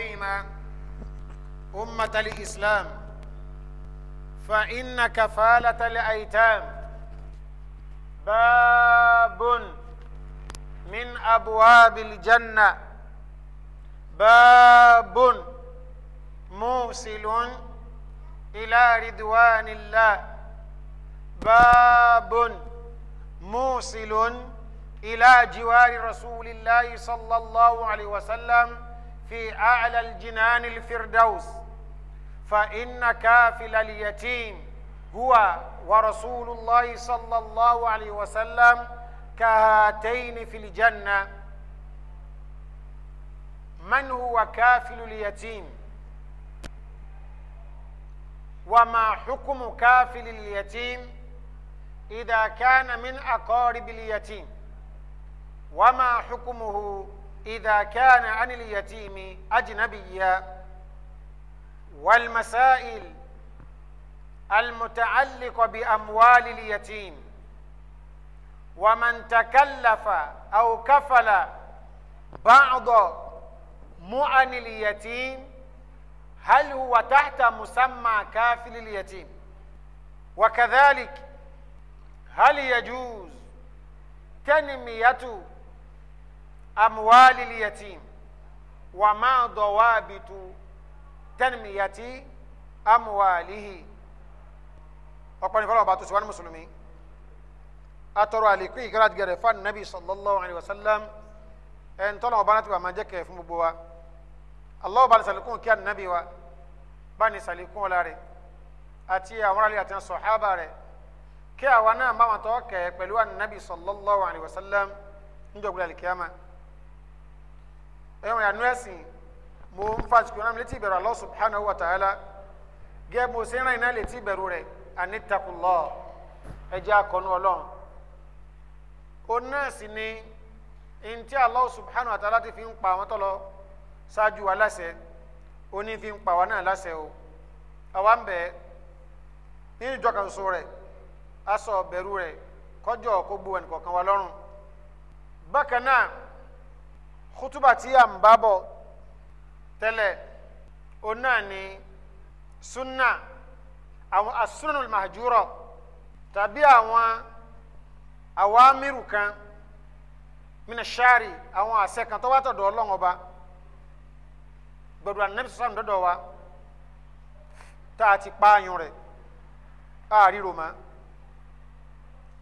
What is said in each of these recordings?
عظيما أمة الإسلام فإن كفالة الأيتام باب من أبواب الجنة باب موصل إلى رضوان الله باب موصل إلى جوار رسول الله صلى الله عليه وسلم في اعلى الجنان الفردوس فان كافل اليتيم هو ورسول الله صلى الله عليه وسلم كهاتين في الجنه من هو كافل اليتيم وما حكم كافل اليتيم اذا كان من اقارب اليتيم وما حكمه إذا كان عن اليتيم أجنبيا والمسائل المتعلقة بأموال اليتيم ومن تكلف أو كفل بعض معن اليتيم هل هو تحت مسمى كافل اليتيم وكذلك هل يجوز تنمية أموال اليتيم وما ضوابط تنمية أمواله ọ̀pọ̀ nìfọlọ ọba tó sọ wá ní mùsùlùmí atọrọ àlékún ìkẹrẹ àtìgẹrẹ fún nabi sallallahu alayhi wa sallam ẹn tọ́lọ̀ ọba náà ti wà máa jẹ́ kẹ̀ fún gbogbo wa allah ọba sàlékún kí ànábì wa bá ní sàlékún ọ̀la rẹ̀ àti àwọn alẹ́ àti sọ̀hábà rẹ̀ kí àwa náà bá wọn tọ́ kẹ̀ pẹ̀lú ànábì sallallahu alayhi wa sallam níjọ̀gbìn àlìkíyàmá ẹ̀wọ̀n yà nú ẹ̀sìn mo ń fa sùkúrú náà létí ìbẹ̀rù Allah subhanahu wa ta'ala gẹ́ mo ṣe ń rìn náà létí ìbẹ̀rù rẹ̀ àní takulọ̀ ẹ̀jẹ̀ akọ̀nù ọlọ́run òun náà sì ni ntí Allah subhanahu wa ta'ala ti fi ń pa àwọn tọ́lọ ṣáájú wa láṣẹ oní fi ń pa wa náà láṣẹ o àwa ń bẹ nínú ìjọkànṣó rẹ̀ aṣọ ọ̀bẹ̀rù rẹ̀ kọjọ́ kó gbó ẹnì kọ̀ọ̀kan wa lọ́rùn bákan náà kútúbà tí à ń bá bọ̀ tẹ́lẹ̀ òun náà ni sunna àwọn asunanul mahjuro tàbí àwọn awamiru kan mina shari àwọn àṣẹ kan tó wá tọ̀dọ̀ ọlọ́run ọba gbọdọ̀ anabi sọ́sàmù dọ́dọ̀ wa tá a ti pààyàn rẹ̀ àríro ma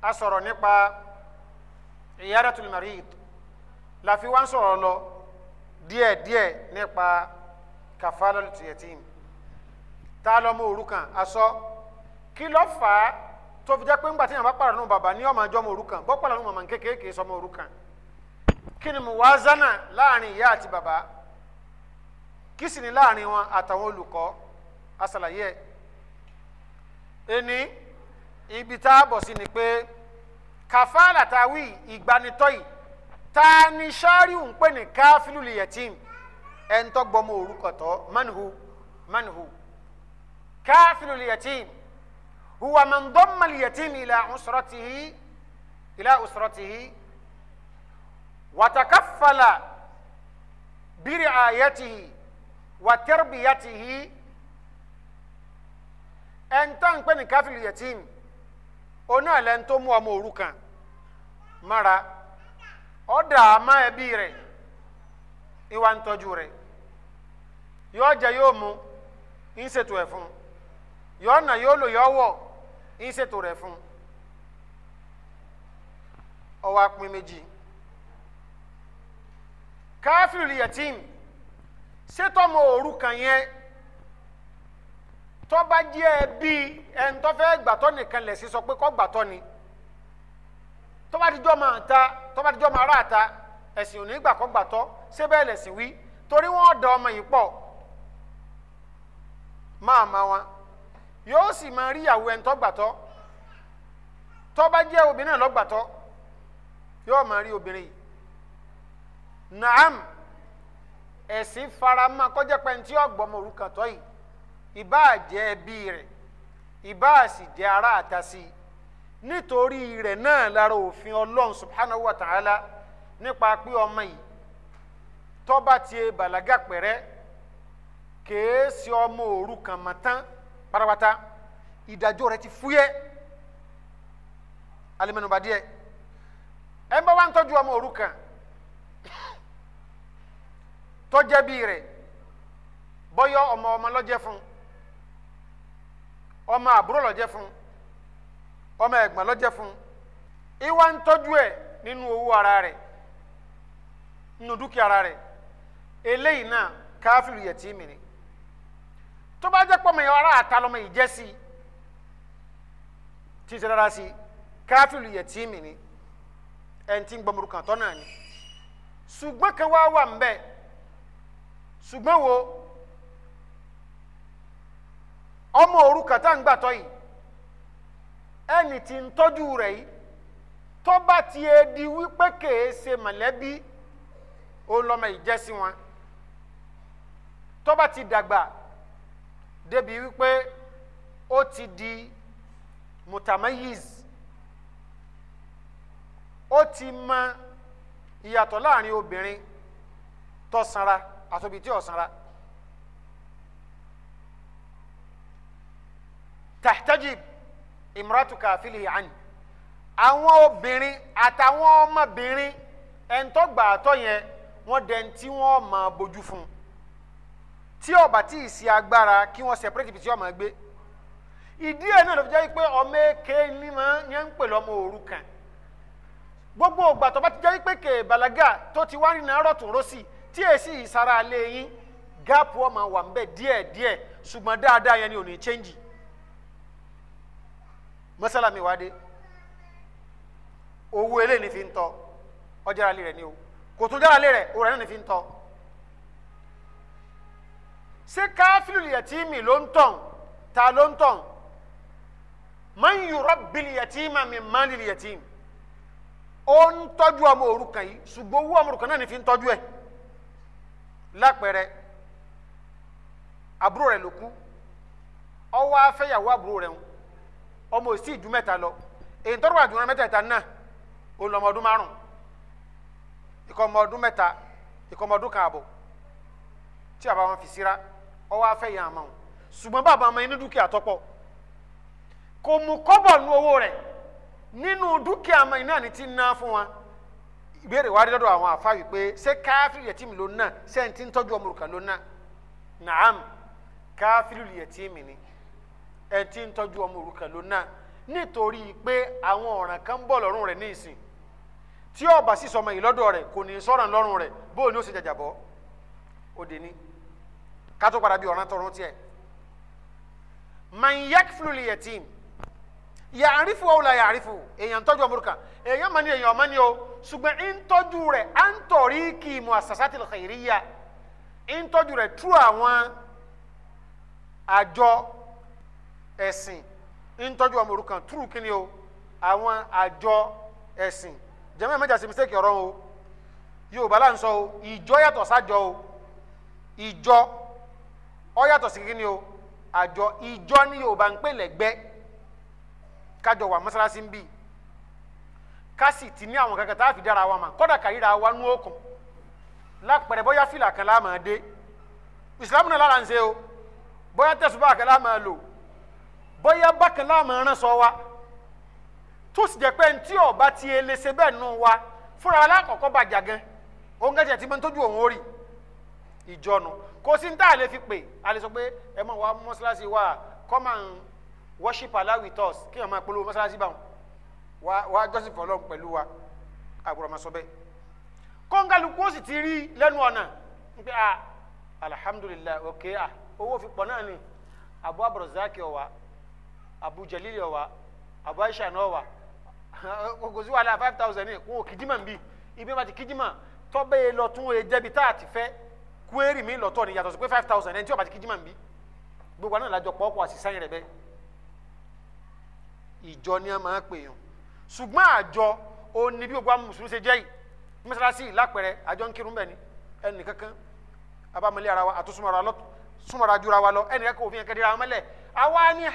a sọ̀rọ̀ nípa iyadatul marid la fi wá ń sọ̀rọ̀ lọ díẹ̀díẹ̀ nípa kàfálà tìyẹ̀tìm tá a lọ mú òrukàn aṣọ kí ló fà á tó fi jẹ́ pé ńgbà tí yàrá bá pàrọ̀ nù bàbá ní ọmọ àjọmọ̀ òrukàn bọ́ pàrọ̀ nù màmá kékeré kìí sọmọ òrukàn kí ni muwazana láàrin ìyá àti bàbá kí sì ni láàrin wọn àtàwọn olùkọ́ asàlàyé ẹ̀ ẹni ibi tá a bọ̀ sí ni pé kàfálà ìgbanitọ́ yìí ta ni ṣáríù ń pè ní káfílù lìyẹtìm ẹni tó gbọmọ orúkọ tọ manhu manhu káfílù lìyẹtìm huwa man damma lìyẹtìm ìlà usratihi ìlà usratihi watakafala biriayatihi watarbiyatihi ẹni tó ń pè ní káfílù lìyẹtìm onáà lẹni tó mú ọmọ òrukàn mara. Ọ daa ama ebi rẹ iwa ntọju rẹ yọọ dza yom ọ ọ isetu efụn yọọ na yolo yọọ wọọ isetu refụn ọwa kpọm emeji kafiu rie tiim seetọọmụ òru ka ṅee tọba jee ebi e ntọpọ ọgbatọ nika le sịsọ kọ gbatọ ni tọba dịja ọmụ ata. tọ́ba àtijọ́ máa ráàta ẹ̀sìn òní gbàkọ́gbàtọ́ ṣé bẹ́ẹ̀ lẹ̀sìn wí torí wọ́n dọ̀ ọmọ yìí pọ̀ máa ma wọn yóò sì máa rí ìyàwó ẹni tọ́gbàtọ́ tọ́ba jẹ́ obìnrin náà lọ́gbàtọ́ yóò máa rí obìnrin yìí naam ẹ̀sìn farama kọjá pẹ̀ntì ọ̀gbọ́mọ orúkọ tọ́ yìí ìbáà jẹ́ ẹbí rẹ̀ ìbáà sì jẹ́ ará àtàsí yìí. nítorí rẹ̀ náà lára òfin ọlọ́run subhanahu wa ta'ala nípa pé ọmọ yìí tó bá ti bàlágà pẹ̀rẹ́ kèé sí ọmọ òrukàn mọ́ tán pátápátá ìdájọ́ rẹ̀ ti fúyẹ́ alimẹ́nuba díẹ̀ ẹ bá wá ń tọ́jú ọmọ òrukàn tó jẹ́ bí rẹ̀ bọ́yọ́ ọmọ ọmọ ló fún ọmọ àbúrò ló fún ọmọ ẹ̀gbọ́n ló jẹ́ fún ìwà ń tọ́jú ẹ̀ nínú owó ara rẹ̀ nínú dúkìá ara rẹ̀ eléyìí náà káfíìrì yẹ̀ tí mìíràn tó bá jẹ́ pọ́mọ ẹ̀ ara àta lọ́mọ yìí sí i tí ń ṣe dára sí i káfíìrì yẹ̀ tí mìíràn tí ń gbọmọdún kan tọ́ náà ni ṣùgbọ́n kan wá wà ń bẹ̀ ṣùgbọ́n wo ọmọ òrukàn tá à ń gbàtọ́ yìí ẹni tí ń tọ́jú rẹ̀ yìí tó bá tiẹ̀ di wípé kèé ṣe mọ̀lẹ́bí olọ́mọ ìjẹ́sí wọn tó bá ti dàgbà débi wípé ó ti di mutamayiz ó ti mọ ìyàtọ̀ láàrin obìnrin tó sanra àtòbí tí ò sanra. tahtajib imratu kafili ani àwọn obìnrin àtàwọn ọmọbìnrin ẹ̀ńtọ́gbà àtọ́ yẹn wọ́n dẹ̀ tí wọ́n máa bójú fún un tí ọba tí ì sí agbára kí wọ́n separate ibi tí wọ́n máa gbé ìdí ẹ̀ náà ló fi jẹ́ pé ọmọ èké ní máa ń yẹn ń pè lọ́mọ òrukàn gbogbo ògbà tó bá ti jẹ́ pé kè balaga tó ti wá rìnnà rọ̀tún rọ́sì tí èsì ìsara alẹ́ yín gáàpù ọmọ wà ń bẹ̀ díẹ̀díẹ̀ ṣùgbọ́n dáadáa yẹn ni ò ní chẹ́ǹjì mọ́sálà mi wá dé owó eléyìí ni fi ń tọ́ ọjà alẹ́ rẹ̀ ni o kò tún jára rẹ̀ òun náà ni fi ń tọ́ ṣé káfílù yẹtìmì ló ń tàn ta ló ń tàn máa ń yọrọ bìlì yẹtìmà mi máa ń lè yẹtìmì ó ń tọ́jú ọmọ òrukàn yìí ṣùgbọ́n owó ọmọ òrukàn náà ni fi ń tọ́jú ẹ̀ lápẹẹrẹ àbúrò rẹ̀ ló kú ó wá àbúrò rẹ̀ ń ọmọ òsì ìdú mẹ́ta lọ èyí tọ́rọ̀ àdúrà mẹ́tẹ̀ẹ̀ta náà òun lọ́mọ ọdún márùn ìkọ́ ọmọ ọdún mẹ́ta ìkọ́ ọmọ ọdún kààbọ̀ tí bàbá wọn fi síra ọwọ́ afẹ́ yẹn àmọ́ wọn ṣùgbọ́n bàbá wọn inú dúkìá tọ́pọ̀ kò mú kọ́bọ̀ nu owó rẹ̀ nínú dúkìá wọn iná ni ti ná fún ìbéèrè wa rí lọ́dọ̀ àwọn àfa wípé ṣé káfíìrì yẹtìmì ló ná ṣé ń ti ń tọ́jú ọmọ òrùka ló ná nàám ni ẹtí ń tọ́jú ọmọ òrukàn ló náà nítorí pé àwọn ọ̀ràn kan ń bọ̀ lọ́rùn rẹ̀ ní ìsìn tí ọba sì sọmọ yìí lọ́dọ̀ rẹ̀ kò ní sọ̀rọ̀ lọ́rùn rẹ̀ bóun ni ó ṣe jàjàbọ́ òde ní kátó padà bí ọ̀ràn tọrùn tiẹ̀ man yakfulu liyatim yaarifu aw la yaarifu èèyàn tọ́jú ọmọ òrukàn èèyàn mọ ni èèyàn ọmọ ni o ṣùgbọ́n ń tọ́jú rẹ̀ à ń tọ̀rí kì í muassasatil khairiyya ń tọ́jú rẹ̀ tú àwọn àjọ ẹ̀sìn ńtọ́jú ọmọ òrukàn túrú kínní o àwọn àjọ ẹ̀sìn jẹ́mọ́ ẹ̀ mẹ́jà sí mistake ọ̀rọ̀ o yorùbá là ń sọ o ìjọ yàtọ̀ sájọ o ìjọ ọ yàtọ̀ sí kínní o àjọ ìjọ ní yorùbá ń pè lẹ́gbẹ́ kájọ wà mọ́sálásí ń bì ká sì ti ní àwọn kankan tá a fi dára wa mà kọ́dà kàríra wa nú òkun lápẹ̀rẹ̀ bóyá fìlà kan láà máa dé ìsìlámù náà lára ń ṣe o bóyá tẹ̀sùbá kan láà máa lò bóyá bákan láàmú ẹran sọ wa tó sì jẹ́ pé ntí ọba ti elése bẹ́ẹ̀ nù wa fúnra alákọ̀ọ́kọ́ bàjá gan òun gẹ́gẹ́ ti máa ń tójú òun ó rí ìjọnu kò sí ní tá a lè fi pè a lè sọ pé ẹ mọ̀ wá mọ́ṣáláṣí wa come and worship Allah with us kí wọ́n máa polówó mọ́ṣáláṣí báwọn wá wá jọ́sìn fọlọ́n pẹ̀lú wa àbúrò máa sọ bẹ́ẹ̀ kọ́ńgàlùkù ó sì ti rí lẹ́nu ọ̀nà pé ah alhamdulilayi ok ah owó fi pọ̀ náà ni àbúrò àbúrò zákì ọ̀wà abu jalili ọwa abu aisha náà wa, gbogbo wa la five thousand ní wọn ò kìdímà ń bì ibi wọn ti kìdímà tọ́bẹ̀ yẹn lọ tún wọn jẹ́bi tá a ti fẹ́ kúérì mi lọ́tọ̀ ni yàtọ̀ sí pé five thousand ẹni tí wọn bá ti kìdímà ń bì gbogbo àná làjọ pọ̀ ọkọ̀ àṣìṣàn rẹ̀ bẹ́ẹ̀ ìjọ ni a máa pè yàn ṣùgbọ́n àjọ ó ní bí gbogbo àwọn mùsùlùmí ṣe jẹ́ yìí mọ́sálásí lápẹ̀rẹ̀ àjọ ń kírun bẹ́ẹ̀ ni ẹnì kankan abámọ́lé ara wa àtúnṣúmọ́ra jura wa lọ ẹnì kankan òfin kankan dira wa mọ́lẹ̀ àwa ní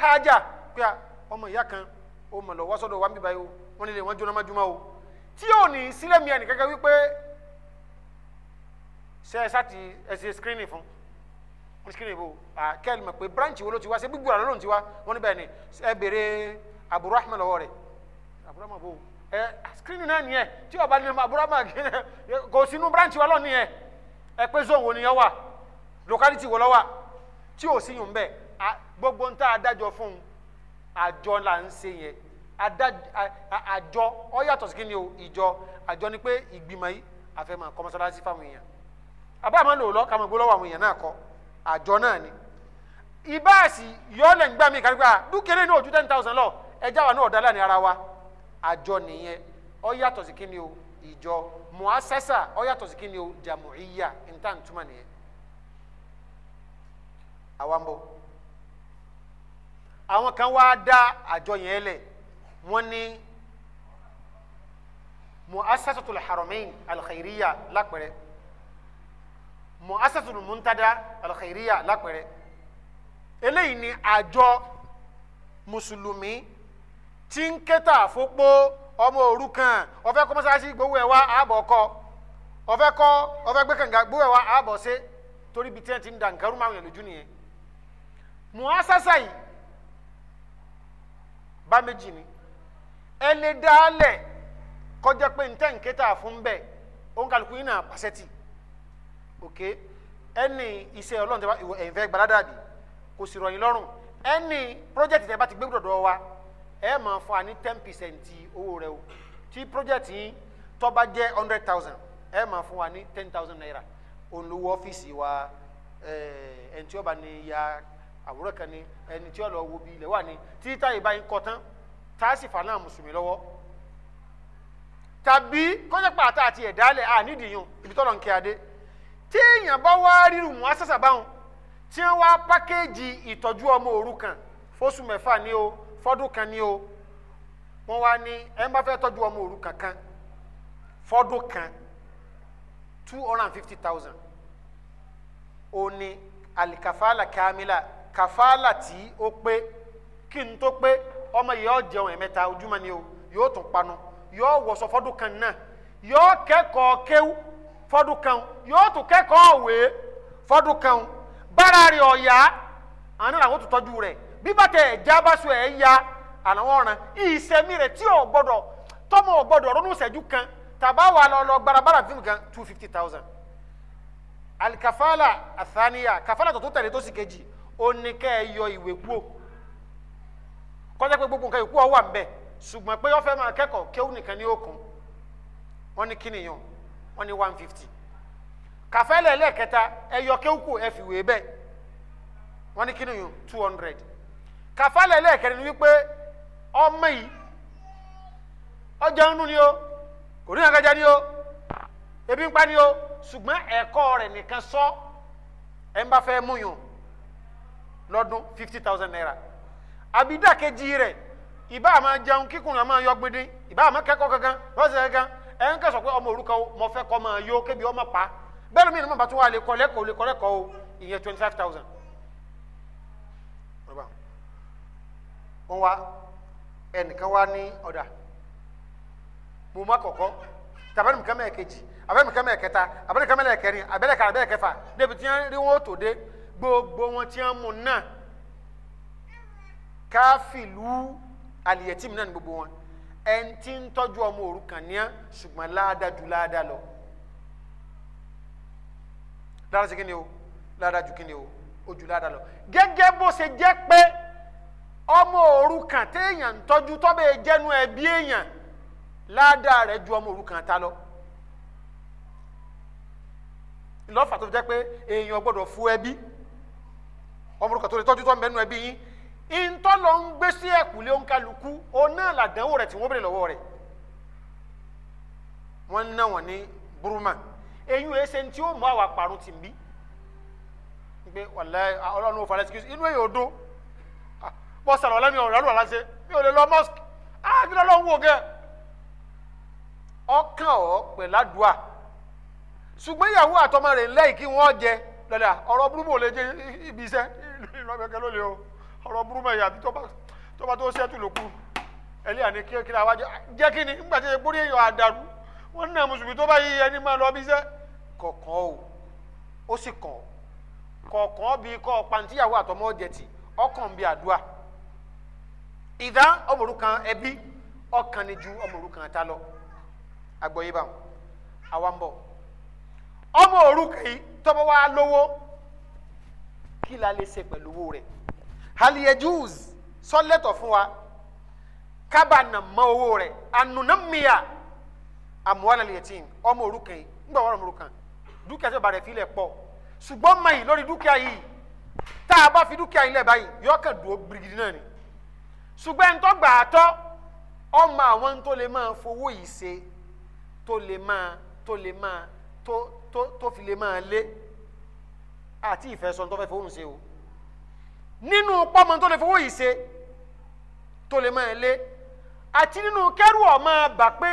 pé ọmọ ìyá kan ó mọ̀ lọ wọ́sọ̀dọ̀ wa ń bíbá yìí o wọ́n nílé wọn jóná májúmọ́ o tí yóò ní sílẹ̀ mi ẹnì kankan wípé ṣe ẹ sáti ẹ ṣe screening fún wọn screening bò à kẹ́lì mọ̀ pé branch wo ló ti wá ṣe gbígbó àlọ́ ló ti wá wọ́n níbẹ̀ ni ẹ béèrè Abdulrahman lọ́wọ́ rẹ̀ Abdulrahman bò ẹ screening náà nìyẹn tí ọba ní Abdulrahman kò sínú branch wa lọ nìyẹn ẹ pé zone wo ni yẹn wà locality wo lọ wà tí ò sí gbogbo ń tá a àjọ là ń ṣe yẹn àjọ ọ yàtọ̀ sí kí o ìjọ àjọ ni pé ìgbìmọ̀ yìí àfẹ́ máa kọ́ mọ́sálásí fáwọn èèyàn àbá àmọ́ lò lọ ká máa gbó lọ́wọ́ àwọn èèyàn náà kọ́ àjọ náà ni ìbáàsì yọ̀ọ́lẹ̀ ń gbà mí kárí pé dúkìá ní ojú ten thousand lọ ẹjá wa náà ọ̀dàlá ní ara wa àjọ nìyẹn ọ yàtọ̀ sí kí o ìjọ muasasa ọ yàtọ̀ sí kí o jàmùíyà ní tá à nìyẹn àwa ń àwọn kan wá dá àjọ yẹn lẹ̀ wọ́n ní muasasatul haramain alkhairiya lápẹrẹ muasasatul muntada alkhairiya lápẹrẹ eléyìí ni àjọ mùsùlùmí tí ń kẹta àfọpọ ọmọ òrukàn ó fẹ́ kọ́ mọ́sálásí gbowó ẹ wá ààbọ kọ ó fẹ́ kọ́ ó fẹ́ gbé kànga gbowó ẹ wá ààbọ ṣe torí bí tí wọ́n ti ń da nǹkan rúmọ àwọn èèyàn lójú nìyẹn muasasa yìí bá méjì ni ẹni dálẹ̀ kọjá pé ní tẹ̀ǹkẹ́ tà fún bẹ́ẹ̀ òun kálukú yìí náà pàṣẹ tì ok ẹni iṣẹ́ ọlọ́run tẹ bá ìwọ ẹ̀ǹfẹ́ gbaládàbí kò sì rọ̀yìn lọ́rùn ẹni project tẹ bá ti gbé gbọdọ̀ wa ẹ máa fún wa ní ten percent owó rẹ o tí project yìí tó bá jẹ́ hundred thousand ẹ máa fún wa ní ten thousand naira òun ló wọ ọ́fíìsì wa ẹ̀ẹ́n tí ó bá ní ya àwòrán kan ni ẹni tí ó lọ wo bí ilẹ̀ wà ní títà ìbáyìí kọ tán tá a sì fà náà mùsùlùmí lọ́wọ́ tàbí kọ́jọ́pá àtà àti ẹ̀dálẹ̀ ànídìyàn ibi tọ́lọ̀ ń kí adé tí èèyàn bá wá ríru mú asẹ́sà báwọn tí wọ́n wá pákéjì ìtọ́jú ọmọ òrukàn fóṣù mẹ́fà ni o fọ́dún kan ni o wọ́n wá ní ẹ̀ ń bá fẹ́ tọ́jú ọmọ òrukàn kan fọ́dún kan two hundred and fifty thousand òní alikafala kamila kàfáàlà tí ó pé kí n tó pé ọmọ yìí yóò jẹun ẹ̀mẹ́ta ojúmọ́ ni o yóò tún panu yóò wọṣọ fọ́dún kan náà yóò kẹ́kọ̀ọ́ kéwú fọ́dún kan yóò tún kẹ́kọ̀ọ́ òwe fọ́dún kan bára rẹ̀ ọ̀yá àná làwọn tó tọ́jú rẹ̀ bíbá tẹ ẹ̀já bá so ẹ̀ ya àwọn ọ̀ràn ìsẹ̀mí rẹ̀ tí ò gbọ́dọ̀ tọ́mọ ò gbọ́dọ̀ ronú ìṣẹ́jú kan tàbá wà lọ lọ gbarabara fíìmù kan two fifty thousand alikafala athaniya kafala tó tó tẹ̀lé tó sì kejì ó ní kẹ́ ẹ yọ ìwé kúò kọjá pé gbogbo nǹkan ìkú ọ wà ń bẹ ṣùgbọ́n pé ọ̀fẹ́ máa kẹ́kọ̀ọ́ kéwù nìkan ní òkun wọ́n ní kíni wọ́n ní one fifty kàfẹ́lẹ̀ lẹ́ẹ̀kẹta ẹ yọ kéwù ẹ bẹ́ẹ̀ wọ́n ní ni wípé ọmọ yìí ọjà ń nú ni o kò ní ni o ebi ń ni o ṣùgbọ́n ẹ̀kọ́ rẹ̀ nìkan sọ ẹ̀ ń lọ́dún fifty thousand naira àbídà kejì rẹ̀ ìbá àmà jẹun kíkùn àmà yọ gbede ìbá àmà kẹ́kọ̀ọ́ kankan lọ́sẹ̀ kankan ẹ̀ ń kẹ́sọ̀ pé ọmọ òrukàn o mọ̀ fẹ́ kọ́ máa kébi ọmọ pa bẹ́ẹ̀ lómi ìnáwó bàtú wa lè kọ́ lẹ́kọ̀ọ́ lè kọ́ lẹ́kọ̀ọ́ ìyẹn twenty five thousand. wọ́n wá ẹnìkan wá ní ọ̀dà mo má kọ̀kọ́ tàbẹ́rẹ́ mi kẹ́mẹ́ ẹ̀kejì mi kẹ́mẹ́ ẹ̀kẹta mi kẹ́mẹ́ ẹ̀kẹrin àbẹ́rẹ́ kàrà débi tí wọ́n rí wọ́n tó dé gbogbo wọn tí wọn mú náà káfílù àlìyẹtìmù náà ní gbogbo wọn ẹni tí ń tọ́jú ọmọ òrukàn ní á ṣùgbọ́n láàdá lọ láàdá sí kíni o láàdá ju kíni o ó ju láàdá lọ gẹ́gẹ́ bó ṣe jẹ́ pé ọmọ òrukàn téèyàn ń tọ́jú tọ́bẹ̀ jẹ́nu ẹbí èèyàn láàdá rẹ̀ ju ọmọ òrukàn ta lọ lọ́fà tó fi jẹ́ pé èèyàn gbọ́dọ̀ fún ẹbí. E ọmọrúkọ tó lè tọ́jú tó ń bẹnu ẹbí yín ìtọ́lọ ń gbé sí ẹ̀kúlé òǹkàlùkù ọ̀nà làdánwò rẹ̀ tí wọ́n bèrè lọ́wọ́ rẹ̀ wọ́n ní eyín o ẹsẹ̀ tí ó mú àwọn àparun ń bí gbé wàlẹ́ ọlọ́run ò inú ò ah, bọ́ sàrọ̀ ọ̀rọ̀ àlùwà láṣẹ mi ibi lọ́gbẹ̀kẹ́ ló lè o ọ̀rọ̀ burú mọ̀ ìyàbí tó tó ṣẹ́tù ló kú ni kí kíra jẹ́ kí ni nígbà tí ẹ gbórí èèyàn àdàrú wọ́n ní tó bá yí ẹni máa lọ bí iṣẹ́ kọ̀ọ̀kan o ó sì kàn kọ̀ọ̀kan bí kọ́ pàǹtíyàwó àtọmọ́ jẹ ti ọkàn bí àdúrà ìdá ọmọrúkan ẹbí ọkàn ni ju ọmọrúkan ta lọ àgbọ̀yé àwa ń bọ̀ ọmọ òrukàn yìí kí la lè ṣe pẹ̀lú owó rẹ̀ haliyajuz sọ́lẹ̀tọ̀ fún wa kábàánà mọ́ owó rẹ̀ anunamiya amuwala liyetin ọmọ òrukàn yìí ńgbà wọ́n ọmọ òrukàn dúkìá tí ó bá rẹ̀ filẹ̀ pọ̀ ṣùgbọ́n mọ̀ yìí lórí dúkìá yìí tá a bá fi dúkìá yìí lẹ̀ báyìí yọ kàn dúró gbirigidi náà ni ṣùgbọ́n ẹni tó gbà á tọ́ ọmọ àwọn tó lè máa fowó yìí ṣe tó lè máa tó lè máa tó tó tó fi lè máa lé àti ìfẹsọ̀ tó fẹ́ fowó ṣe o nínú pọ́mọ tó lè fowó yìí ṣe tó lè máa lé àti nínú kẹ́rù ọ̀ máa bà pé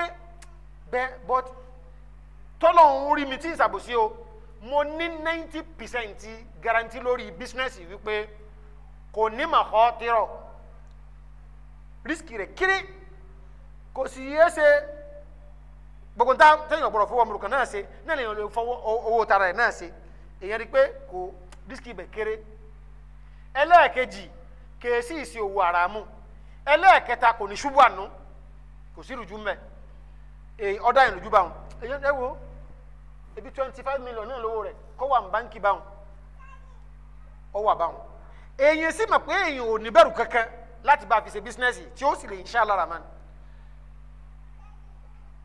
bẹ́ẹ̀ but tọ́lọ̀ ń rí mi tí ń ṣàbòsí o mo ní ninety percent guarantee lórí bísínẹ́sì wípé kò ní mà kọ́ tirọ̀ risk rẹ̀ kiri kò sì yé ṣe gbogbo ntá tẹ́yìn ọ̀gbọ̀rọ̀ fowó ọmọlùkàn náà ṣe náà lè yàn lè fọwọ́ owó tara rẹ̀ náà ṣe èyàn rí i pé kò dísìkì ibẹ̀ kéré ẹlẹ́ẹ̀kejì kèésì ìsì òwò àràmù ẹlẹ́ẹ̀kẹta kò ní ṣubú àánú kò sí ìrújú mbẹ ọ̀dà ìrújú báwọn èyàn ẹ wo ebi twenty five million náà lówó rẹ̀ kọ́ wà ní báńkì báwọn ọwọ́ àbáwọn èyàn sì mọ̀ pé èyàn ò ní bẹ̀rù kankan láti bá a fi ṣe bísínẹ́sì tí ó sì lè insha Allah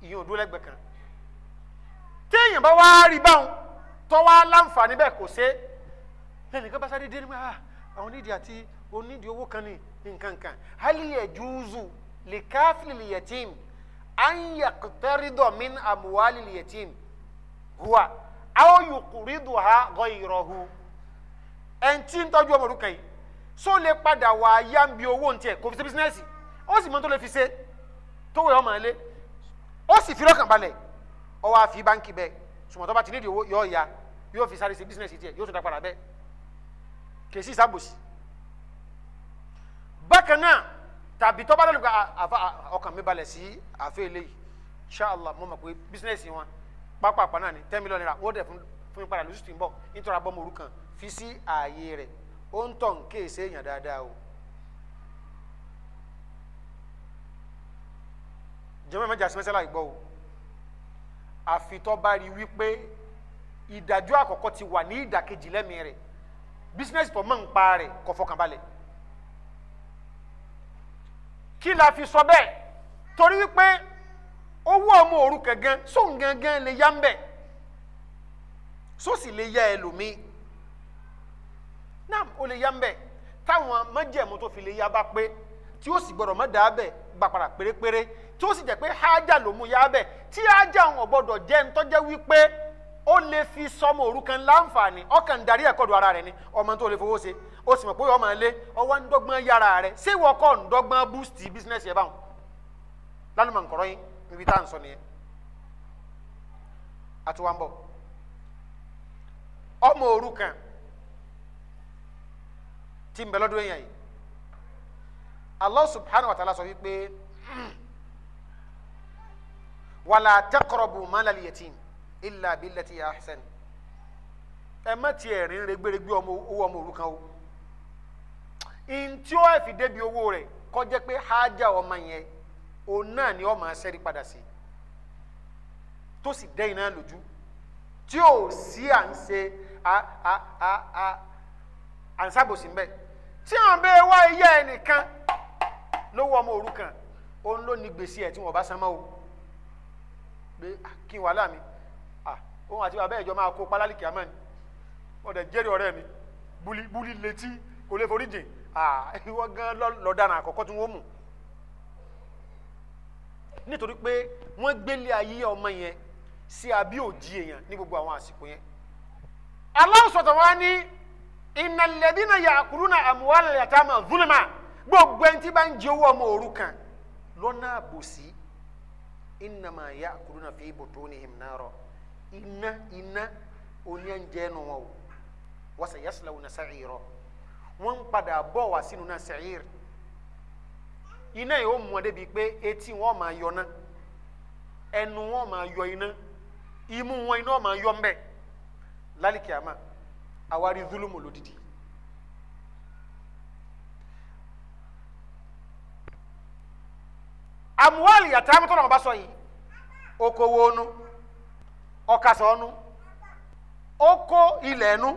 ìyẹn ò dúró lẹ́gbẹ̀ẹ́ kan téèyàn bá wá rí báwọn tọ́wọ́ aláǹfààní bẹ́ẹ̀ kò ṣe ẹnìkan bá sáré dé ní ah àwọn onídìí àti onídìí owó kan ní nkankan haliya juzu lè káfíìlì liyetim anya tẹ́rìdọ̀ min amuwali liyetim huwa awo yukuridu ha gọyìrọ̀hu ẹ̀ǹtí ń tọ́jú ọmọ orúkọ yìí so lè padà wà á yá bí owó ń kò fi ṣe bísínẹ́sì ó sì mọ tó lè fi ṣe tó wẹ̀ ọmọ ẹ̀ lé ó sì fi lọ́kàn balẹ̀ ó wá báńkì bẹ́ẹ̀ sùmọ̀tọ́ bá ti ní ìdí owó yọ ọ̀ya yóò fi sáré ṣe bísínẹ́sì tiẹ̀ yóò tún dá padà bẹ́ẹ̀ kèsì sábòsì bákan náà tàbí tọ́ bá lọ́nà pé ọkàn mi balẹ̀ sí àfẹ́ eléyìí ṣáàlà mo mọ̀ pé bísínẹ́sì wọn pápá náà ni ten million naira wọ́n dẹ̀ fún fún mi padà lóṣù tí ń bọ̀ nítorí abọ́ mo rú kan fi sí ààyè rẹ̀ ó ń tọ̀ ń èèyàn dáadáa o. jẹ́mọ̀ mẹ́jà sí mẹ́sàlá ìgbọ́ o àfi tó bá rí wípé ìdájọ́ àkọ́kọ́ ti wà ní ìdàkejì lẹ́mìí rẹ̀ business tó mọ̀ ń pa rẹ̀ kò fọkànbalẹ̀ kí la fi sọ bẹ́ẹ̀ torí wípé owó ọmọ òrukàn gan sóun gangan lè yá ń bẹ̀ sósì lè yá ẹlòmíì náà ó lè yá ń bẹ̀ táwọn májẹ̀mú tó fi lè yá bá pé tí ó sì gbọ́dọ̀ má dàá bẹ̀ gbà pérépéré. tó sì jẹ́ pé hájà ló mú ya bẹ̀ tí hájà wọn gbọ́dọ̀ jẹ́ ń tọ́jẹ́ wípé ó lè fi sọmọ òrukàn láǹfààní ọkàn ni ọmọ tó lè fowó ṣe ó sì mọ̀ pé ọmọ ilé ọwọ́ ń yára rẹ̀ ṣé ìwọ kọ́ ń dọ́gbọ́n bísínẹ́sì ẹ̀ báwọn lálùmọ̀ nkọ̀rọ̀ yín níbi tá à ń sọ nìyẹn àti wà ń bọ̀ ọmọ òrukàn tí ń bẹ lọ́dún yìí Allah subhanahu wa ta'ala sọ wípé. wala taqrabu malal yatim illa billati ahsan ẹ má tiẹ̀ rìn rẹgbẹrẹgbẹ owó ọmọ òrukàn o ntí ó fi débi owó rẹ̀ kọjá pé hájà ọmọ yẹn òun náà ni ọmọ asẹ́rí padà sí tó sì dẹ́yìn náà lójú tí ò sí à ń ṣe à ń sábòsí mbẹ tí àwọn bẹ́ẹ̀ wá iye ẹnìkan lówó ọmọ òrukàn òun ló ní gbèsè ẹ̀ tí wọ́n bá san mọ́ o pé ah, kí n wà láàmì ah, òun àti bàbá ìjọ máa kó palálì kìámà ni ọ̀dẹ̀ jẹ́rìí ọ̀rẹ́ mi búlí búlí létí kò lè forí jìn ah, ìwọ gan lọ́daràn àkọ́kọ́ tí wọ́n mú nítorí pé wọ́n gbélé ayé ọmọ yẹn sí abí òjì èèyàn ní gbogbo àwọn àsìkò yẹn. Allah sọ̀tọ̀ wá ní innal ladina ya'kuluna amwalal yatama zulma gbogbo ẹni tí bá ń jẹ owó ọmọ òrukàn lọ́nà àbòsí innama ya'kuluna fi butunihim naro iná iná oníyàn jẹ́ nu wọn o wa sayaslawna sa'iro wọ́n ń padà bọ̀ wá sínú náà sa'ir iná yìí ó mú ọ débi pé etí wọn máa yọ náà ẹnu wọn máa yọ iná imú wọn iná máa yọ mbẹ zulumu lódìdí amuwaali yatamu tọ́nà ọba sọ yìí okòwò nu ọ̀kasọ̀ nu oko ilẹ̀ nu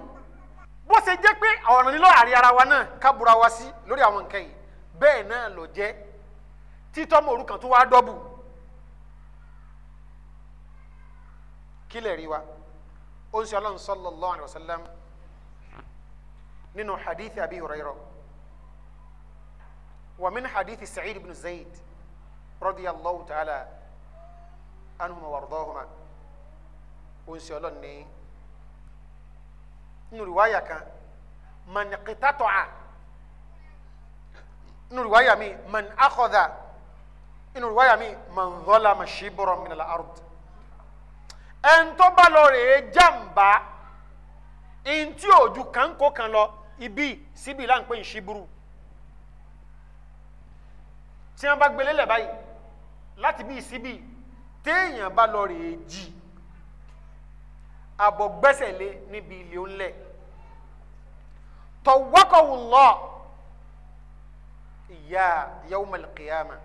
bó ṣe jẹ́ pé ọ̀ràn nílò àrí ara wa náà kábùra wa sí lórí àwọn nǹkan yìí bẹ́ẹ̀ náà lọ jẹ́ títọ́ mòru kan tó wá dọ́bù kílẹ̀ rí wa ó ń ṣe ọlọ́run hadithi Abi Hurairah wa min hadithi Sa'id ibn Zayd radiyallahu ta'ala anhuma wardahuma ó ń ṣe ọlọ́run ní nínú riwaya kan man qitata'a nínú riwaya mi man akhadha nínú riwaya mi man zalama shibran min al-ard ẹ̀ńtọ́ bá lọ rèé jàǹbá ntí òjú kanko kan lọ ibi síbi là ń pè ń ṣíburú tí wọn bá gbélé lẹ báyìí láti bí síbí téèyàn bá lọ rèé jì àbọ̀ gbẹ́sẹ̀ lé níbi ilé ńlẹ̀ tọwọ́kọ̀wù lọ ìyá yawmal qiyama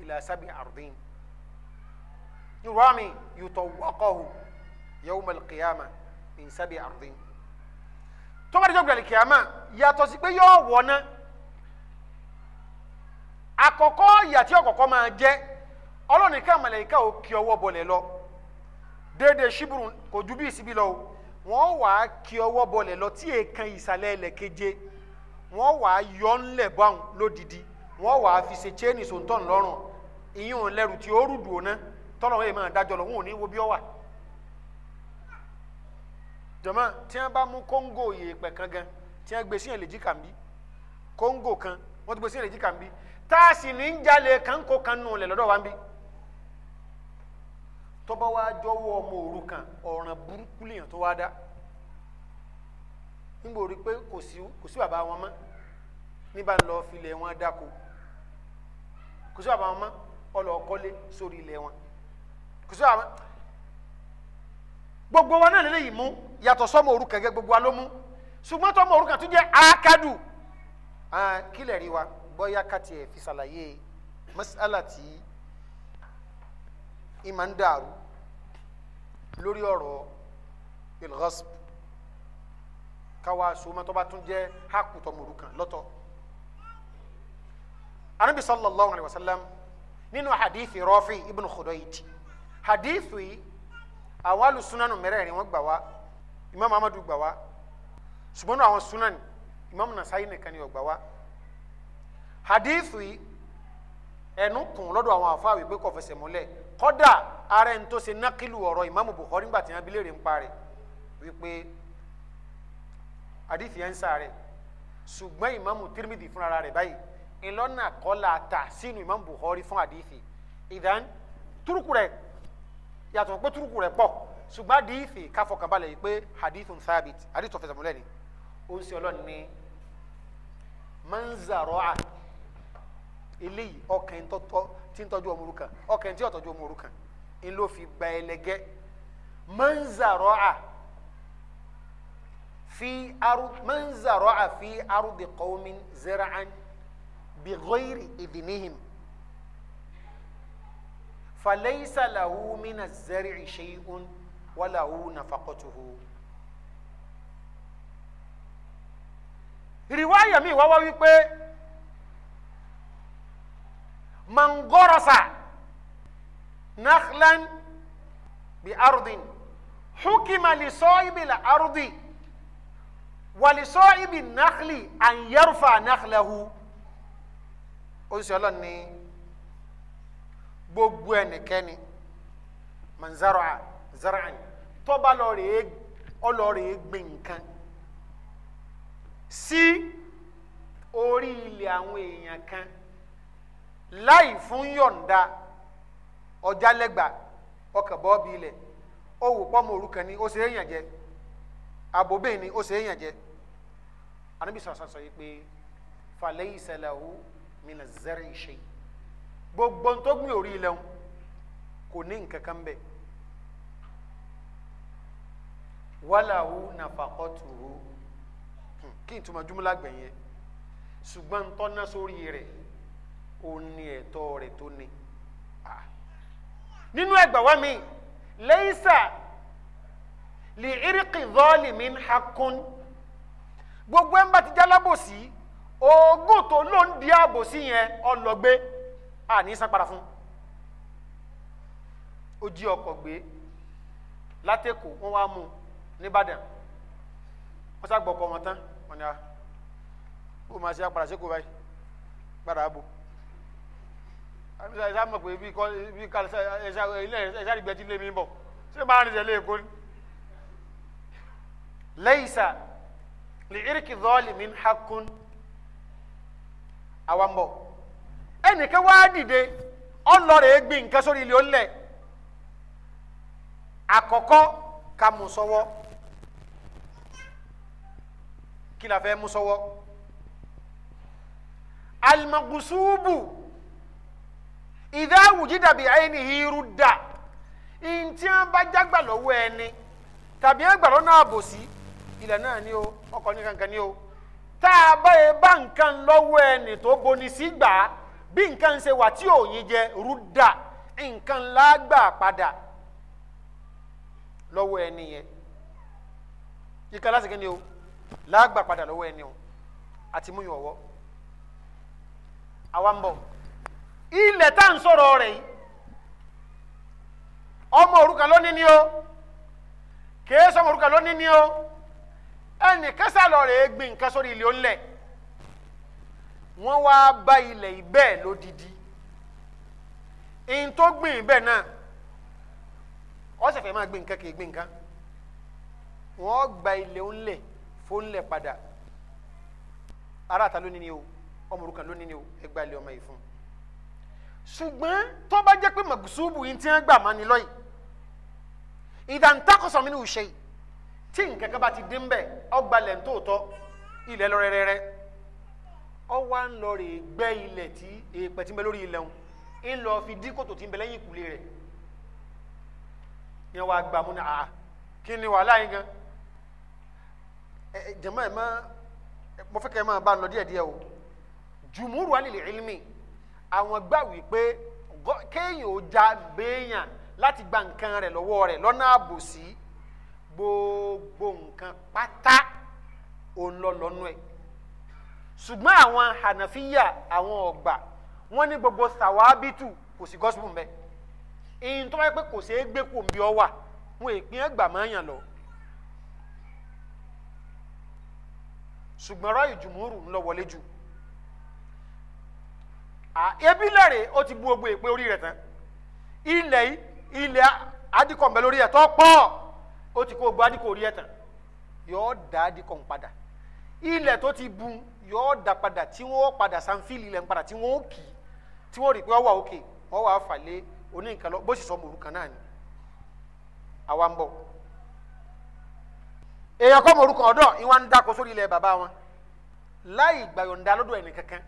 ila sabi ardin nirami yutọwọ́kọ̀wù yawmal qiyama min sabi ardin tó bá dé jọ́ gbẹ̀lẹ̀ sí pé yóò wọ̀ náà àkọ́kọ́ ìyà tí ọ̀kọ̀kọ́ máa jẹ́ ọlọ́ọ̀ni ká màláíkà ò kí ọwọ́ bọlẹ̀ lọ déédéé ṣíbùrù kò ju bí ìsibí lọ wọ́n wà á kí ọwọ́ bọlẹ̀ lọ tí èèkan ìsàlẹ̀ ẹlẹ̀ keje wọ́n wà á yọ ńlẹ̀ báwọn lódìdí wọ́n wà á fi ṣe chéènì sòǹtọ̀ ńlọ́rùn ìyẹn ò lẹ́rù tí ó rùdù ọ̀nà tọ́lọ̀ wọn yìí máa dájọ́ lọ wọn ò ní wo bí ọ wà. jọ̀mọ́ tí wọ́n bá mú kóńgò yèèpẹ̀ kan gan tí wọ́n gbé sí ẹ̀lẹ́jì kàn kóńgò kan wọ́n ti gbé sí ẹ̀lẹ́jì kàn taasi ní ń jalè kanko kan nù lẹ̀ wa ọmọ òrukàn ọ̀ràn burúkú lèèyàn tó wá pé kò sí kò sí bàbá wọn mọ́ níbà ń lọ wọn kò sí bàbá wọn ọlọ sórí wọn kò bàbá gbogbo wọn náà lélẹ́yìí mú yàtọ̀ sọ́mọ gbogbo wa. bóyá kàtí ẹ̀ fi ṣàlàyé mas'ala tí ìmọ̀ ń dàrú lórí ọ̀rọ̀ ilghasb káwa sọ́mọ́ tó bá tún jẹ́ hákùtọ̀ mòrú kan lọ́tọ̀ anabi sallallahu alayhi wa sallam nínú hadithi rọ́fì ibn khudayd hadithi àwọn alùsùnánù mẹ́rẹ̀ẹ̀rin wọ́n gbà wá imam ahmadu gbà wá ṣùgbọ́n àwọn sunan imam nasaayi nìkan ni ó gbà hadithu yìí ẹnu kùn lọ́dọ̀ àwọn àfáà wípé kò fẹsẹ̀ múlẹ̀ kọ́dà ara ẹni tó ṣe nákìlù ọ̀rọ̀ ìmáàmù Bukhari nígbà tí wọ́n abilé rẹ̀ ń parẹ́ wípé hadithu yẹn ń sáré ṣùgbọ́n ìmáàmù Tirmidhi fúnra rẹ̀ báyìí ìlọ́nà kọ́lá ta sínú ìmáàmù Bukhari fún hadithu ìdán túrùkù rẹ̀ yàtọ̀ pé túrùkù rẹ̀ pọ̀ ṣùgbọ́n hadithu káfọkànbalẹ̀ yìí pé hadithu thabit hadithu fẹsẹ̀ múlẹ̀ ni ó ń ṣe ọlọ́ni ní eléyìí ọkàn tí ń tọ́jú ọmọ òrukàn ọkàn tí ọ̀tọ́jú ọmọ òrukàn ń ló fi gba ẹlẹgẹ́ mọ́nzàrọ́à fi aru mọ́nzàrọ́à fi arúgbìn kọ́wọ́mí zẹ́rán bí gọ́ìrì ìdìníhìn falaysa lahu mina zari'i shay'un wa lahu nafaqatuhu. riwaya mi wá wá من gorosa nakhlan بأرض ardin hukima الأرض sahibi la أن يرفع نخله sahibi nakhli an yarfa nakhlahu ó sì ọlọ́run ní gbogbo ẹnikẹ́ni man zara zara'an tó bá lọ rèé ọlọ́rèé gbìn nǹkan sí orí ilẹ̀ àwọn èèyàn kan. Si, láì fún yọ̀ǹda ọjà lẹ́gbàá ọkàn bọ́ọ̀bì ilẹ̀ ó wò pọ́ mọ̀ orúkọ ni ó ṣe é yàn jẹ àbòbẹ́ẹ̀ ni ó ṣe é yàn jẹ anábì sọ̀sọ̀ yìí pé falẹ́yìn sẹlẹ̀hu mina zẹ́rẹ̀ ṣe gbogbo tó gbìn orí ilẹ̀ ń kò ní nǹkan kan bẹ̀ wàláhu nàfàkọ́tùhù hmm, kí n tuma jumla gbẹ̀yẹ ṣùgbọ́n tọ́ná sórí rẹ̀ ó ní ẹ̀tọ́ rẹ̀ tó ní. Ah. nínú ẹgbà wa mi laysa li irqi zalimin haqqun gbogbo ẹ̀ ń bá ti jálábòsí oògùn tó ló ń di àbòsí yẹn ọlọ́gbé àní san padà fún ó jí ọkọ̀ gbé látẹ̀kọ̀ wọ́n wá mú nìbàdàn wọ́n sá gbọ́kọ̀ wọn tán wọ́n ní a ah, ó máa ṣe apàdásẹ́kọ̀ọ́ báyìí gbàdá àbò àmísà ẹ̀sà mọ̀ pé bí kọ́ bí kàlẹ́sà ẹ̀sà ilé ẹ̀sà ìgbẹ́ ti lé mi bọ̀ ṣé máa rìn tẹ̀lé èkó ni. laysa li irki zalimin haqqun àwa ń bọ̀ ẹnìkan wá dìde ọlọ́rẹ̀ gbin nǹkan sórí ilé ọ̀lẹ̀ àkọ́kọ́ ka mú sọ́wọ́ kí la fẹ́ mú sọ́wọ́ alimagusubu ìdá àwùjídà bí àyíní irú dà ntí wọn bá jágbà lọ́wọ́ ẹni tàbí ẹgbàrún náà bò sí ilẹ̀ náà ni o ọkọ̀ ní kankan ni o tá a bá yẹ e bá nǹkan lọ́wọ́ ẹni tó boni sí gbà á bí nǹkan ṣe wà tí òòyìn jẹ rúdà nǹkan lágbà padà lọ́wọ́ ẹni yẹn ìka láti kí ni o lágbà padà lọ́wọ́ ẹni o àti múyàn ọwọ́ àwa ń bọ̀. ilẹ̀ tá à ń sọ̀rọ̀ rẹ̀ yìí ọmọ ni o kèé sọmọ òrukàn lónìí ni o ẹnì kẹsàlọ rẹ̀ gbìn nǹkan sórí ilẹ̀ òǹlẹ̀ wọ́n wá bá ilẹ̀ yìí lódìdí ihun tó gbìn bẹ́ẹ̀ náà ọ̀sẹ̀ fẹ́ máa gbìn nǹkan kì gbìn nǹkan wọ́n gba ilẹ̀ òǹlẹ̀ fóńlẹ̀ padà ni o ọmọ lónìí ni o ẹgbàá ilé ọmọ yìí fún un. ṣùgbọ́n tó bá jẹ́ pé màgùsùbù yìí ti ń gbà má ni lọ́yìn ìdàntakọ̀sọ̀ mi ni ò ṣe yìí tí nǹkan kan bá ti dín bẹ́ẹ̀ ọgbàlẹ̀ ń tòótọ́ ilẹ̀ lọ rẹ́rẹ́rẹ́ ọ wá ń lọ rè gbẹ́ ilẹ̀ tí èèpẹ̀ ti ń bẹ lórí ilẹ̀ ń lọ fi dí kòtò tí ń bẹ lẹ́yìn ìkùlé rẹ̀ ni wàá gbà mú ni àá kí ni wàhálà yín gan ẹ jẹ̀mọ́ ẹ̀ máa mo fẹ́ kẹ́ ẹ máa bá a lọ díẹ̀díẹ̀ o jùmúrù alìlẹ̀ ilmi àwọn gbà wípé kéèyàn ó já béèyàn láti gba nǹkan rẹ̀ lọ́wọ́ rẹ̀ lọ́nà àbòsí gbogbo nǹkan pátá òun lọ lọ́nú ẹ̀ ṣùgbọ́n àwọn hànàfíyà àwọn ọ̀gbà wọ́n ní gbogbo sàwábìtù kò sí gọ́sùpù mbẹ́ ìyìn tó wáyé pé kò ṣeé gbé kò mbí wọn èpín ẹgbà máa yàn lọ ṣùgbọ́n ráyè jùmúrù ń lọ wọlé jù ebi lẹ́rìn ó ti bu gbogbo ìpè orí rẹ̀ tán ilẹ̀ ilẹ̀ adikọ̀ mbẹ lórí ẹ̀ tọ́ pọ̀ ó ti kó gbogbo adikọ̀ orí ẹ̀ tán yọ̀ọ́ da adikọ̀ ń padà ilẹ̀ tó ti bu yọ̀ọ́ da padà tí wọ́n padà sanfili ilẹ̀ ń padà tí wọ́n kì í tí wọ́n rí i pé ọwọ́ òkè wọ́n wà á fàlẹ́ oníkan lọ bó sì sọ mòrú kan náà ni àwa ń bọ̀ èèyàn kọ́ mòrú kan ọ̀dọ́ ìwọ̀n ń dáko sórí ilẹ̀ bàbá wọn láì gbàyọ̀ǹda lọ́dọ̀ ẹnì kankan